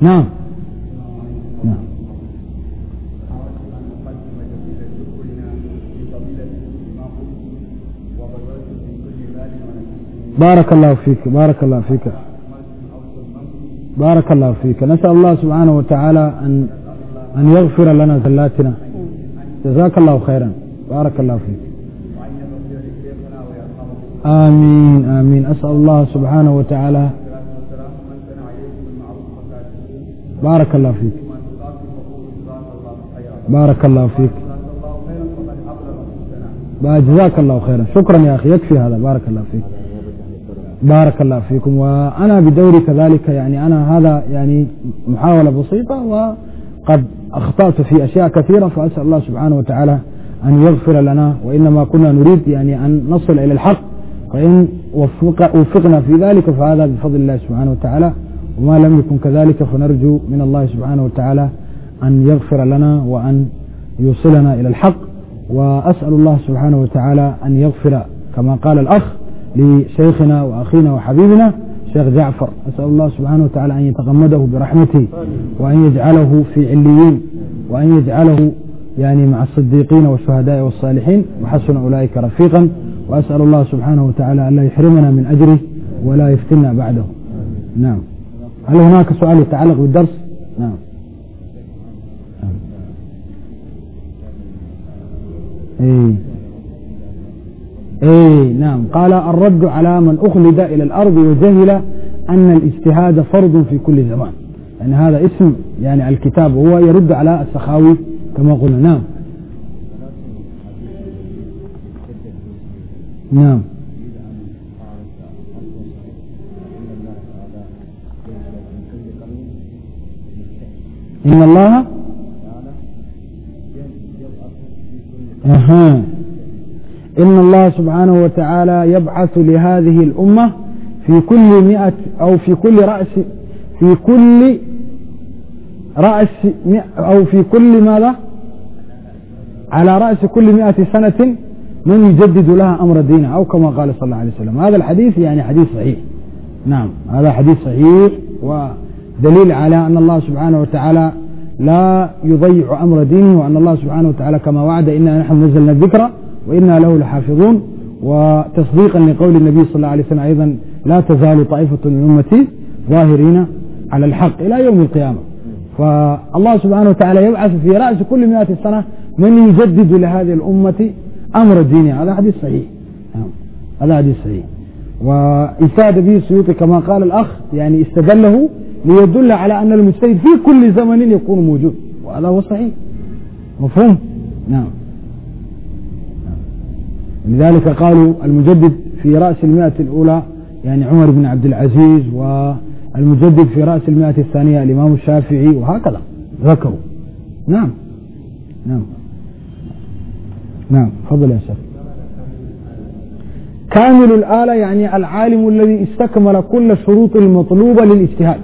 S1: نعم نعم بارك
S2: الله فيك بارك الله فيك بارك الله فيك نسأل الله سبحانه وتعالى أن أن يغفر لنا زلاتنا جزاك الله خيرا بارك الله فيك آمين آمين أسأل الله سبحانه وتعالى بارك الله فيك
S1: بارك الله فيك
S2: جزاك الله خيرا شكرا يا أخي يكفي هذا بارك الله فيك بارك الله فيكم وأنا بدوري كذلك يعني أنا هذا يعني محاولة بسيطة وقد أخطأت في أشياء كثيرة فأسأل الله سبحانه وتعالى أن يغفر لنا وإنما كنا نريد يعني أن نصل إلى الحق فإن وفق وفقنا في ذلك فهذا بفضل الله سبحانه وتعالى وما لم يكن كذلك فنرجو من الله سبحانه وتعالى أن يغفر لنا وأن يوصلنا إلى الحق وأسأل الله سبحانه وتعالى أن يغفر كما قال الأخ لشيخنا وأخينا وحبيبنا الشيخ جعفر أسأل الله سبحانه وتعالى أن يتغمده برحمته وأن يجعله في عليين وأن يجعله يعني مع الصديقين والشهداء والصالحين وحسن أولئك رفيقا وأسأل الله سبحانه وتعالى أن لا يحرمنا من أجره ولا يفتنا بعده نعم هل هناك سؤال يتعلق بالدرس
S1: نعم, نعم.
S2: إيه. اي نعم قال الرد على من أخلد إلى الأرض وجهل أن الاجتهاد فرض في كل زمان يعني هذا اسم يعني الكتاب هو يرد على السخاوي كما قلنا
S1: نعم نعم إن الله
S2: أها إن الله سبحانه وتعالى يبعث لهذه الأمة في كل مئة أو في كل رأس في كل رأس أو في كل ماذا على رأس كل مئة سنة من يجدد لها أمر دينها أو كما قال صلى الله عليه وسلم هذا الحديث يعني حديث صحيح نعم هذا حديث صحيح ودليل على أن الله سبحانه وتعالى لا يضيع أمر دينه وأن الله سبحانه وتعالى كما وعد إنا نحن نزلنا الذكرى وإنا له لحافظون وتصديقا لقول النبي صلى الله عليه وسلم أيضا لا تزال طائفة من أمتي ظاهرين على الحق إلى يوم القيامة فالله سبحانه وتعالى يبعث في رأس كل مئات سنة من يجدد لهذه الأمة أمر الدين هذا حديث صحيح نعم. هذا حديث صحيح واستاد به السيوطي كما قال الأخ يعني استدله ليدل على أن المجتهد في كل زمن يكون موجود وهذا هو صحيح مفهوم نعم لذلك قالوا المجدد في رأس المئة الأولى يعني عمر بن عبد العزيز والمجدد في رأس المئة الثانية الإمام الشافعي وهكذا ذكروا نعم نعم نعم فضل يا شيخ كامل الآلة يعني العالم الذي استكمل كل الشروط المطلوبة للاجتهاد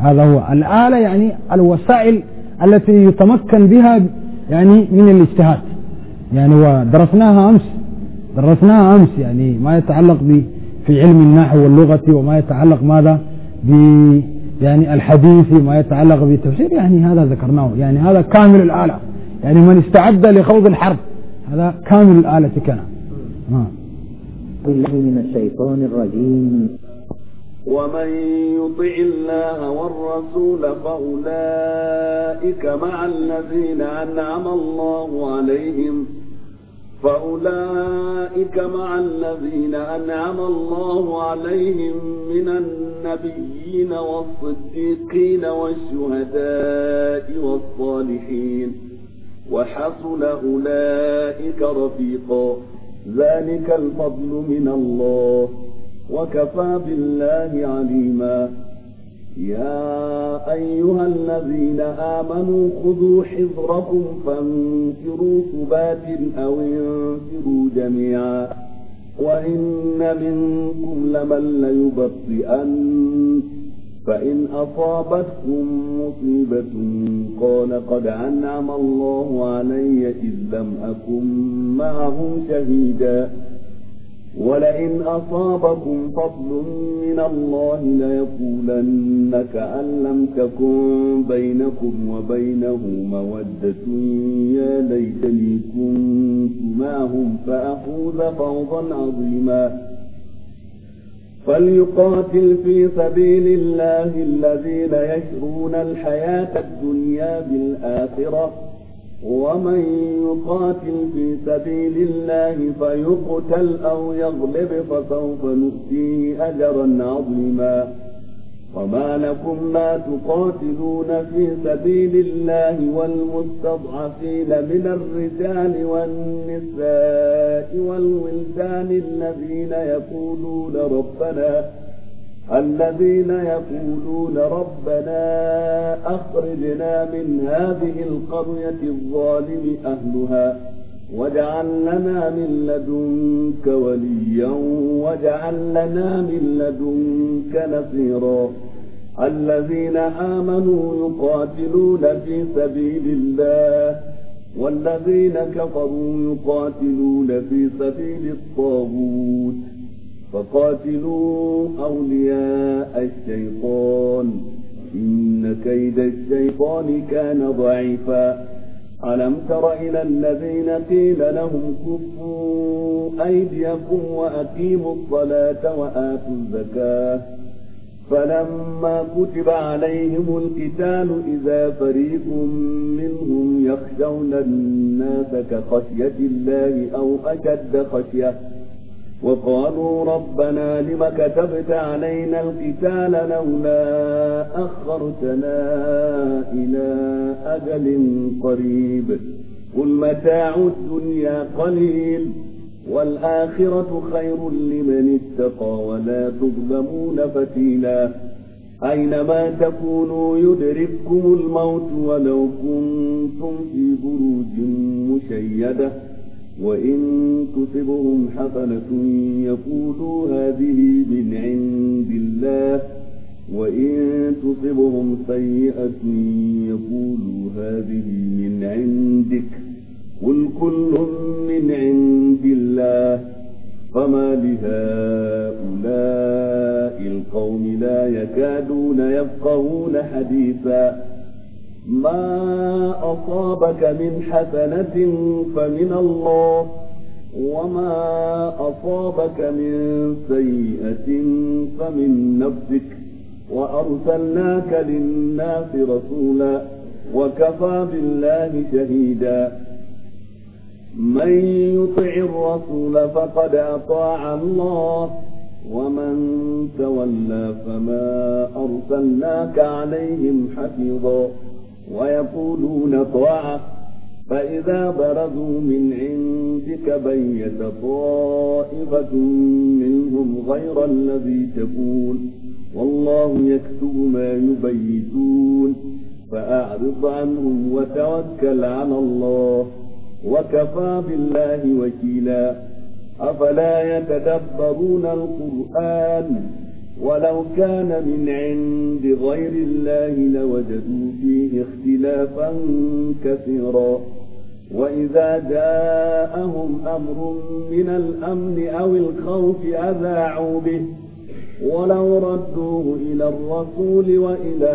S2: هذا هو الآلة يعني الوسائل التي يتمكن بها يعني من الاجتهاد يعني ودرسناها أمس درسناها أمس يعني ما يتعلق في علم النحو واللغة وما يتعلق ماذا ب يعني الحديث وما يتعلق بالتفسير يعني هذا ذكرناه يعني هذا كامل الآلة يعني من استعد لخوض الحرب هذا كامل الآلة كان آه.
S3: بالله
S1: من الشيطان الرجيم
S3: ومن يطع الله والرسول فأولئك مع الذين أنعم الله عليهم فأولئك مع الذين أنعم الله عليهم من النبيين والصديقين والشهداء والصالحين وحسن أولئك رفيقا ذلك الفضل من الله وكفى بالله عليما يا أيها الذين آمنوا خذوا حذركم فانفروا ثبات أو انفروا جميعا وإن منكم لمن ليبطئن فإن أصابتكم مصيبة قال قد أنعم الله علي إذ لم أكن معهم شهيدا
S1: ولئن
S3: أصابكم فضل من الله ليقولن كأن لم تكن بينكم وبينه مودة يا ليتني كنت معهم فأفوز فوضا عظيما فليقاتل في سبيل الله الذين يشرون الحياة الدنيا بالآخرة ومن يقاتل في سبيل الله فيقتل أو يغلب فسوف نؤتيه أجرا عظيما وما لكم لا تقاتلون في سبيل الله والمستضعفين من الرجال والنساء والولدان الذين يقولون ربنا الذين يقولون ربنا أخرجنا من هذه القرية الظالم أهلها واجعل لنا من لدنك وليا واجعل لنا من لدنك نصيرا الذين آمنوا يقاتلون في سبيل الله والذين كفروا يقاتلون في سبيل الطاغوت فقاتلوا أولياء الشيطان إن كيد الشيطان كان ضعيفا ألم تر إلى الذين قيل لهم كفوا أيديكم وأقيموا الصلاة وآتوا الزكاة فلما كتب عليهم القتال إذا فريق منهم يخشون الناس كخشية الله أو أشد خشية وقالوا ربنا لم كتبت علينا القتال لولا أخرتنا إلى أجل قريب قل متاع الدنيا قليل والآخرة خير لمن اتقى ولا تظلمون فتيلا أينما تكونوا يدرككم الموت ولو كنتم في بروج مشيده وإن تصبهم حسنة يقولوا هذه من عند الله وإن تصبهم سيئة يقولوا هذه من عندك قل كل من عند الله فما لهؤلاء القوم لا يكادون يفقهون حديثا ما أصابك من حسنة فمن الله وما أصابك من سيئة فمن نفسك وأرسلناك للناس رسولا وكفى بالله شهيدا من يطع الرسول فقد أطاع الله ومن تولى فما أرسلناك عليهم حفيظا ويقولون طاعة فإذا برزوا من عندك بيت طائفة منهم غير الذي تقول والله يكتب ما يبيتون فأعرض عنهم وتوكل على الله وكفى بالله وكيلا أفلا يتدبرون القرآن ولو كان من عند غير الله لوجدوا فيه اختلافا كثيرا وإذا جاءهم أمر من الأمن أو الخوف أذاعوا به ولو ردوه إلى الرسول وإلى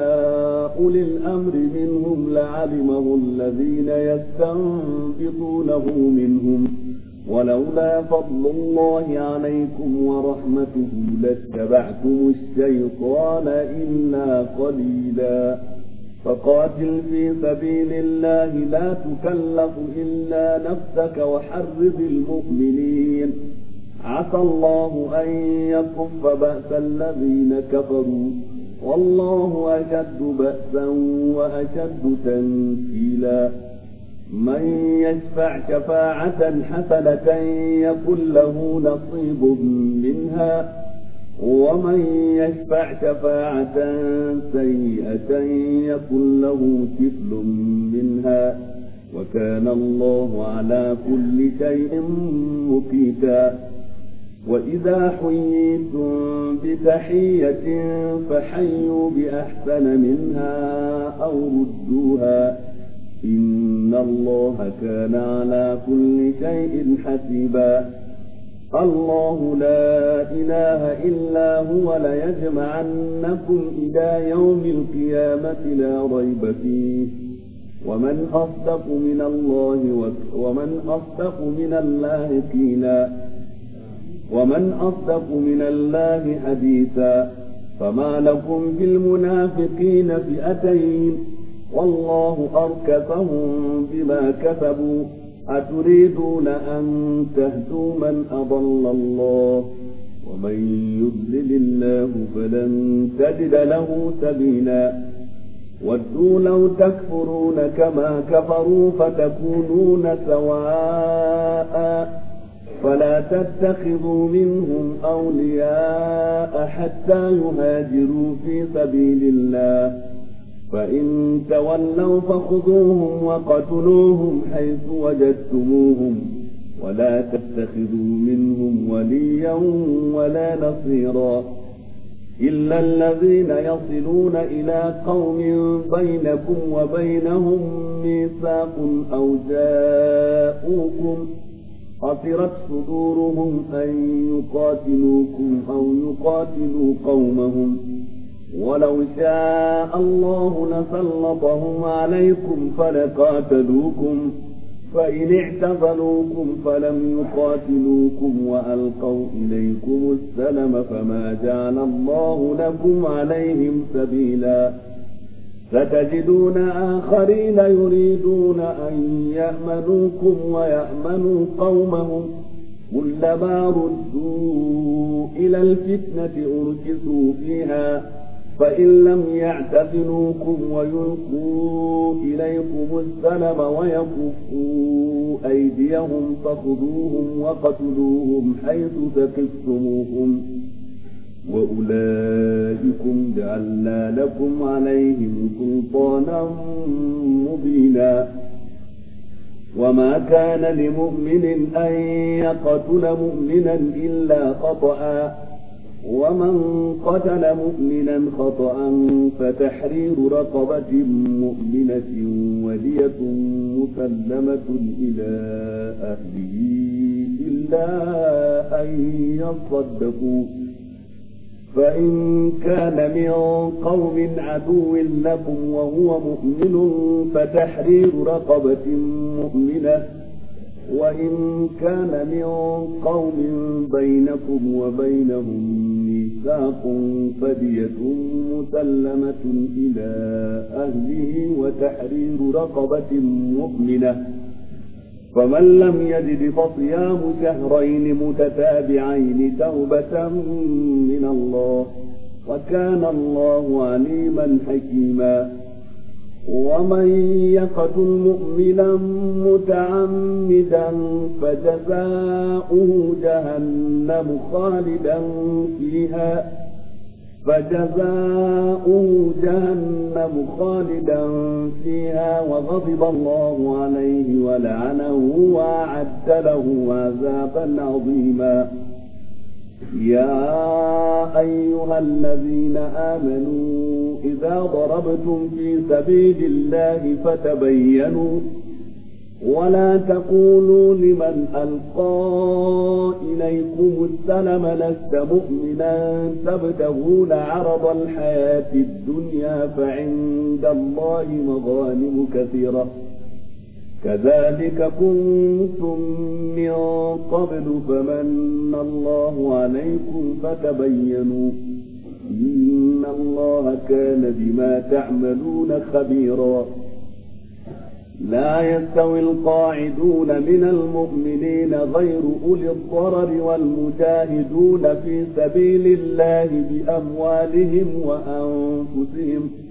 S3: أولي الأمر منهم لعلمه الذين يستنبطونه منهم ولولا فضل الله عليكم ورحمته لاتبعتم الشيطان إلا قليلا فقاتل في سبيل الله لا تكلف إلا نفسك وحرز المؤمنين عسى الله أن يكف بأس الذين كفروا والله أشد بأسا وأشد تنكيلا من يشفع شفاعة حسنة يكن له نصيب منها ومن يشفع شفاعة سيئة يكن له كفل منها وكان الله على كل شيء مقيتا وإذا حييتم بتحية فحيوا بأحسن منها أو ردوها إن الله كان على كل شيء حسيبا الله لا إله إلا هو ليجمعنكم إلى يوم القيامة لا ريب فيه ومن أصدق من الله ومن أصدق من الله قيلا ومن أصدق من الله حديثا فما لكم بالمنافقين فئتين فئتين والله أركفهم بما كسبوا أتريدون أن تهدوا من أضل الله ومن يضلل الله فلن تجد له سبيلا ودوا لو تكفرون كما كفروا فتكونون سواء فلا تتخذوا منهم أولياء حتى يهاجروا في سبيل الله فإن تولوا فخذوهم وقتلوهم حيث وجدتموهم ولا تتخذوا منهم وليا ولا نصيرا إلا الذين يصلون إلى قوم بينكم وبينهم ميثاق أو جاءوكم قصرت صدورهم أن يقاتلوكم أو يقاتلوا قومهم ولو شاء الله لسلطهم عليكم فلقاتلوكم فإن اعتزلوكم فلم يقاتلوكم وألقوا إليكم السلم فما جعل الله لكم عليهم سبيلا ستجدون آخرين يريدون أن يأمنوكم ويأمنوا قومهم كلما ردوا إلى الفتنة أركسوا فيها فإن لم يعتزلوكم ويلقوا إليكم السلم ويكفوا أيديهم فخذوهم وقتلوهم حيث تكفتموهم وأولئكم جعلنا لكم عليهم سلطانا مبينا وما كان لمؤمن أن يقتل مؤمنا إلا خطأ ومن قتل مؤمنا خطأ فتحرير رقبة مؤمنة ودية مسلمة إلى أهله إلا أن يصدقوا فإن كان من قوم عدو لكم وهو مؤمن فتحرير رقبة مؤمنة وإن كان من قوم بينكم وبينهم ميثاق فدية مسلمة إلى أهله وتحرير رقبة مؤمنة فمن لم يجد فصيام شهرين متتابعين توبة من الله وكان الله عليما حكيما ومن يقتل مؤمنا متعمدا فجزاؤه جهنم خالدا فيها فجزاؤه جهنم خالدا فيها وغضب الله عليه ولعنه وأعد له عذابا عظيما يا أيها الذين آمنوا إذا ضربتم في سبيل الله فتبينوا ولا تقولوا لمن ألقى إليكم السلم لست مؤمنا تبتغون عرض الحياة الدنيا فعند الله مغانم كثيرة كذلك كنتم من قبل فمن الله عليكم فتبينوا إن الله كان بما تعملون خبيرا لا يستوي القاعدون من المؤمنين غير أولي الضرر والمجاهدون في سبيل الله بأموالهم وأنفسهم ۖ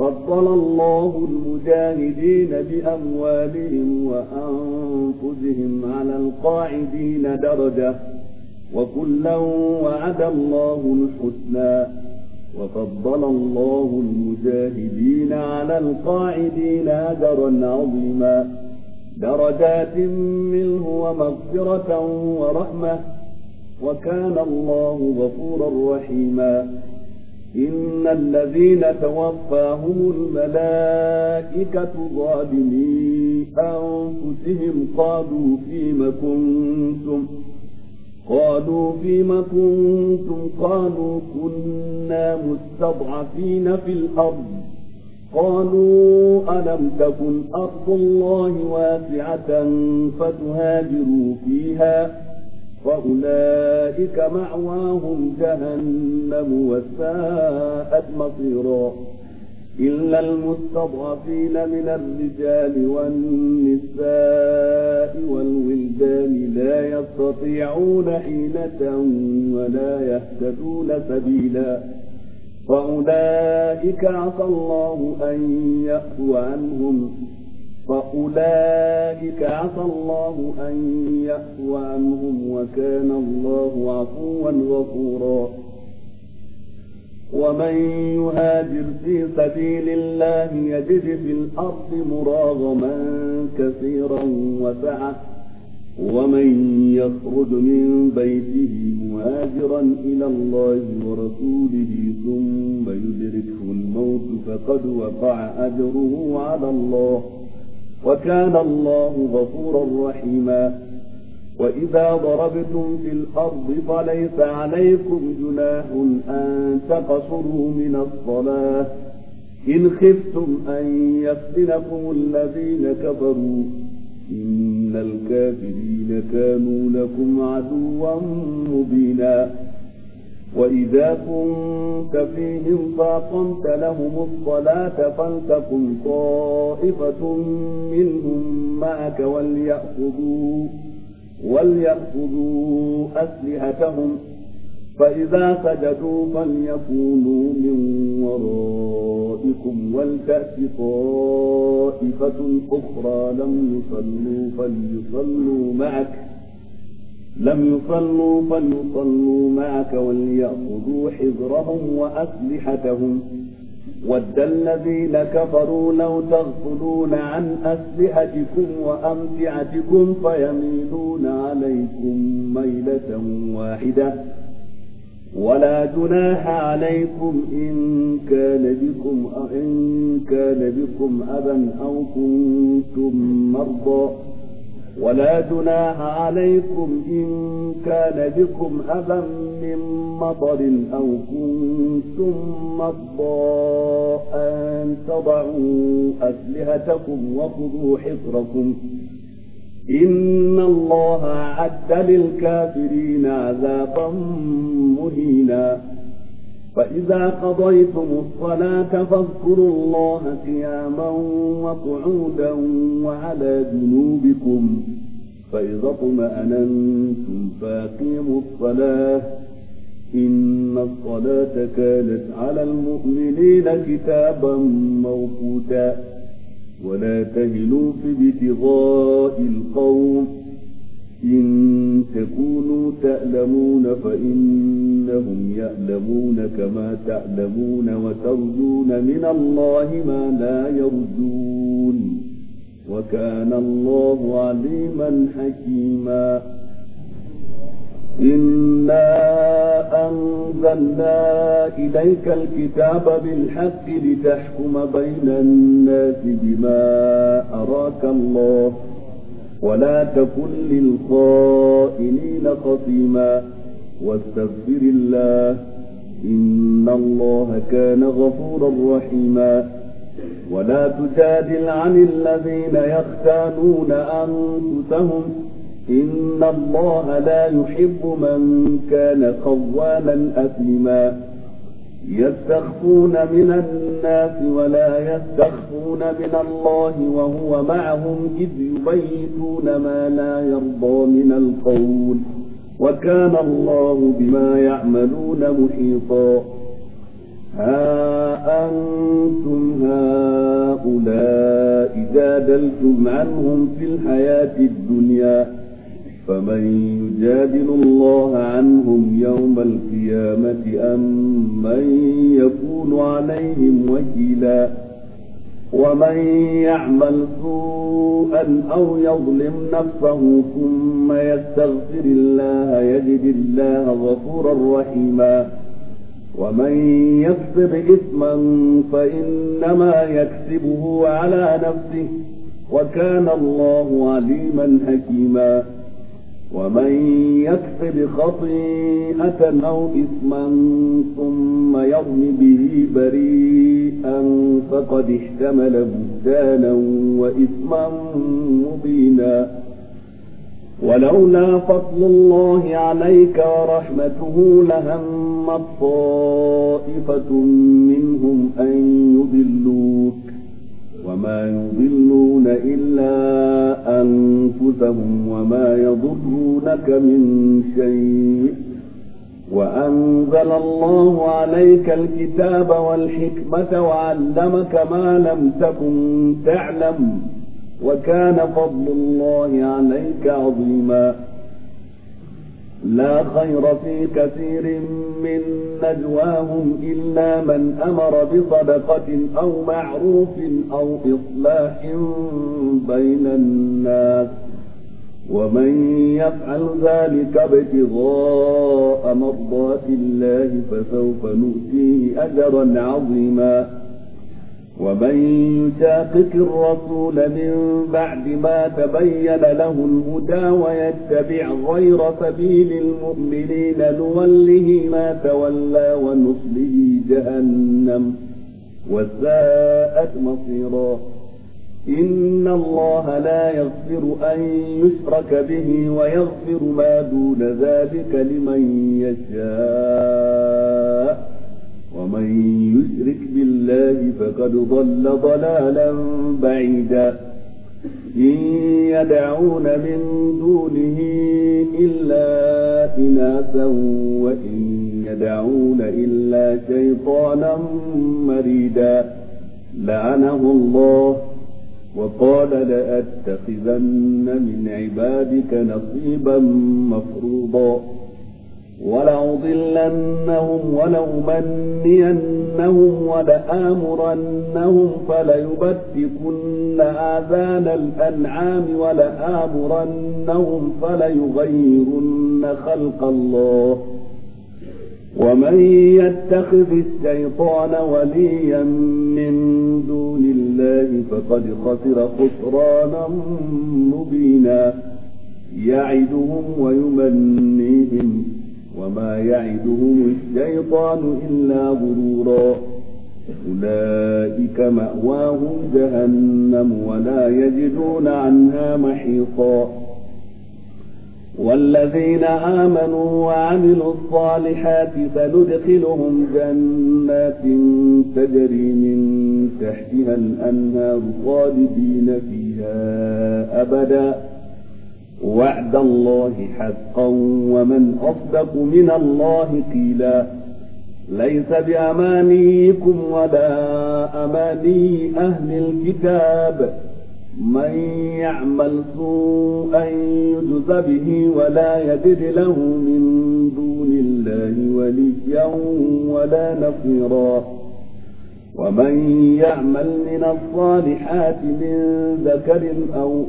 S3: فضل الله المجاهدين بأموالهم وأنفسهم على القاعدين درجة وكلا وعد الله الحسنى وفضل الله المجاهدين على القاعدين أجرا عظيما درجات منه ومغفرة ورحمة وكان الله غفورا رحيما إن الذين توفاهم الملائكة ظالمي أنفسهم قالوا فيم كنتم قالوا فيم كنتم قالوا كنا مستضعفين في الأرض قالوا ألم تكن أرض الله واسعة فتهاجروا فيها فأولئك معواهم جهنم وساءت مصيرا إلا المستضعفين من الرجال والنساء والولدان لا يستطيعون حيلة ولا يهتدون سبيلا فأولئك عسى الله أن يأتوا عنهم فأولئك عسى الله أن يعفو عنهم وكان الله عفوا غفورا ومن يهاجر في سبيل الله يجد في الأرض مراغما كثيرا وسعة ومن يخرج من بيته مهاجرا إلى الله ورسوله ثم يدركه الموت فقد وقع أجره على الله ۖ وكان الله غفورا رحيما وإذا ضربتم في الأرض فليس عليكم جناح أن تقصروا من الصلاة إن خفتم أن يفتنكم الذين كفروا إن الكافرين كانوا لكم عدوا مبينا وإذا كنت فيهم فأقمت لهم الصلاة فلتكن طائفة منهم معك وليأخذوا وليأخذوا أسلحتهم فإذا سجدوا فليكونوا من ورائكم ولتأت طائفة أخرى لم يصلوا فليصلوا معك ۖ لم يصلوا فليصلوا معك وليأخذوا حذرهم وأسلحتهم ود الذين كفروا لو تغفلون عن أسلحتكم وأمتعتكم فيميلون عليكم ميلة واحدة ولا جناح عليكم إن كان بكم إن كان بكم أبا أو كنتم مرضى ولا جناح عليكم إن كان بكم أبا من مطر أو كنتم مضى أن تضعوا أسلهتكم وخذوا حصركم إن الله أعد للكافرين عذابا مهينا فإذا قضيتم الصلاة فاذكروا الله قياما وقعودا وعلى جنوبكم فإذا اطمأننتم فأقيموا الصلاة إن الصلاة كانت على المؤمنين كتابا موقوتا ولا تهنوا في ابتغاء القوم إن تكونوا تألمون فإنهم يألمون كما تألمون وترجون من الله ما لا يرجون وكان الله عليما حكيما إنا أنزلنا إليك الكتاب بالحق لتحكم بين الناس بما أراك الله ولا تكن للخائنين خصيما واستغفر الله إن الله كان غفورا رحيما ولا تجادل عن الذين يختانون أنفسهم إن الله لا يحب من كان خوانا أثما يستخفون من الناس ولا يستخفون من الله وهو معهم إذ يبيتون ما لا يرضى من القول وكان الله بما يعملون محيطا ها أنتم هؤلاء جادلتم عنهم في الحياة الدنيا فمن يجادل الله عنهم يوم القيامة أم من يكون عليهم وكيلا ومن يعمل سوءا أو يظلم نفسه ثم يستغفر الله يجد الله غفورا رحيما ومن يكسب إثما فإنما يكسبه على نفسه وكان الله عليما حكيما ومن يكسب خطيئة أو إثما ثم يرم به بريئا فقد احتمل بهتانا وإثما مبينا ولولا فضل الله عليك ورحمته لهم طائفة منهم أن يضلوك وما يضلون إلا أنفسهم وما يضرونك من شيء وأنزل الله عليك الكتاب والحكمة وعلمك ما لم تكن تعلم وكان فضل الله عليك عظيماً لا خير في كثير من نجواهم إلا من أمر بصدقة أو معروف أو إصلاح بين الناس ومن يفعل ذلك ابتغاء مرضات الله فسوف نؤتيه أجرا عظيما ومن يشاقق الرسول من بعد ما تبين له الهدى ويتبع غير سبيل المؤمنين نوله ما تولى ونصله جهنم وساءت مصيرا إن الله لا يغفر أن يشرك به ويغفر ما دون ذلك لمن يشاء ومن يشرك بالله فقد ضل ضلالا بعيدا إن يدعون من دونه إلا إناثا وإن يدعون إلا شيطانا مريدا لعنه الله وقال لأتخذن من عبادك نصيبا مفروضا ولأضلنهم ولأمنينهم ولآمرنهم فليبتكن آذان الأنعام ولآمرنهم فليغيرن خلق الله ومن يتخذ الشيطان وليا من دون الله فقد خسر خسرانا مبينا يعدهم ويمنيهم وما يعدهم الشيطان إلا غرورا أولئك مأواهم جهنم ولا يجدون عنها محيطا والذين آمنوا وعملوا الصالحات فندخلهم جنات تجري من تحتها الأنهار خالدين فيها أبداً وعد الله حقا ومن أصدق من الله قيلا ليس بأمانيكم ولا أماني أهل الكتاب من يعمل سوءا يجز به ولا يجد له من دون الله وليا ولا نصيرا ومن يعمل من الصالحات من ذكر أو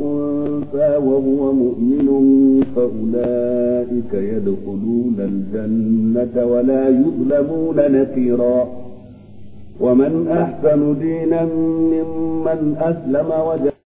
S3: أنثى وهو مؤمن فأولئك يدخلون الجنة ولا يظلمون نفيرا ومن أحسن دينا ممن أسلم وجهه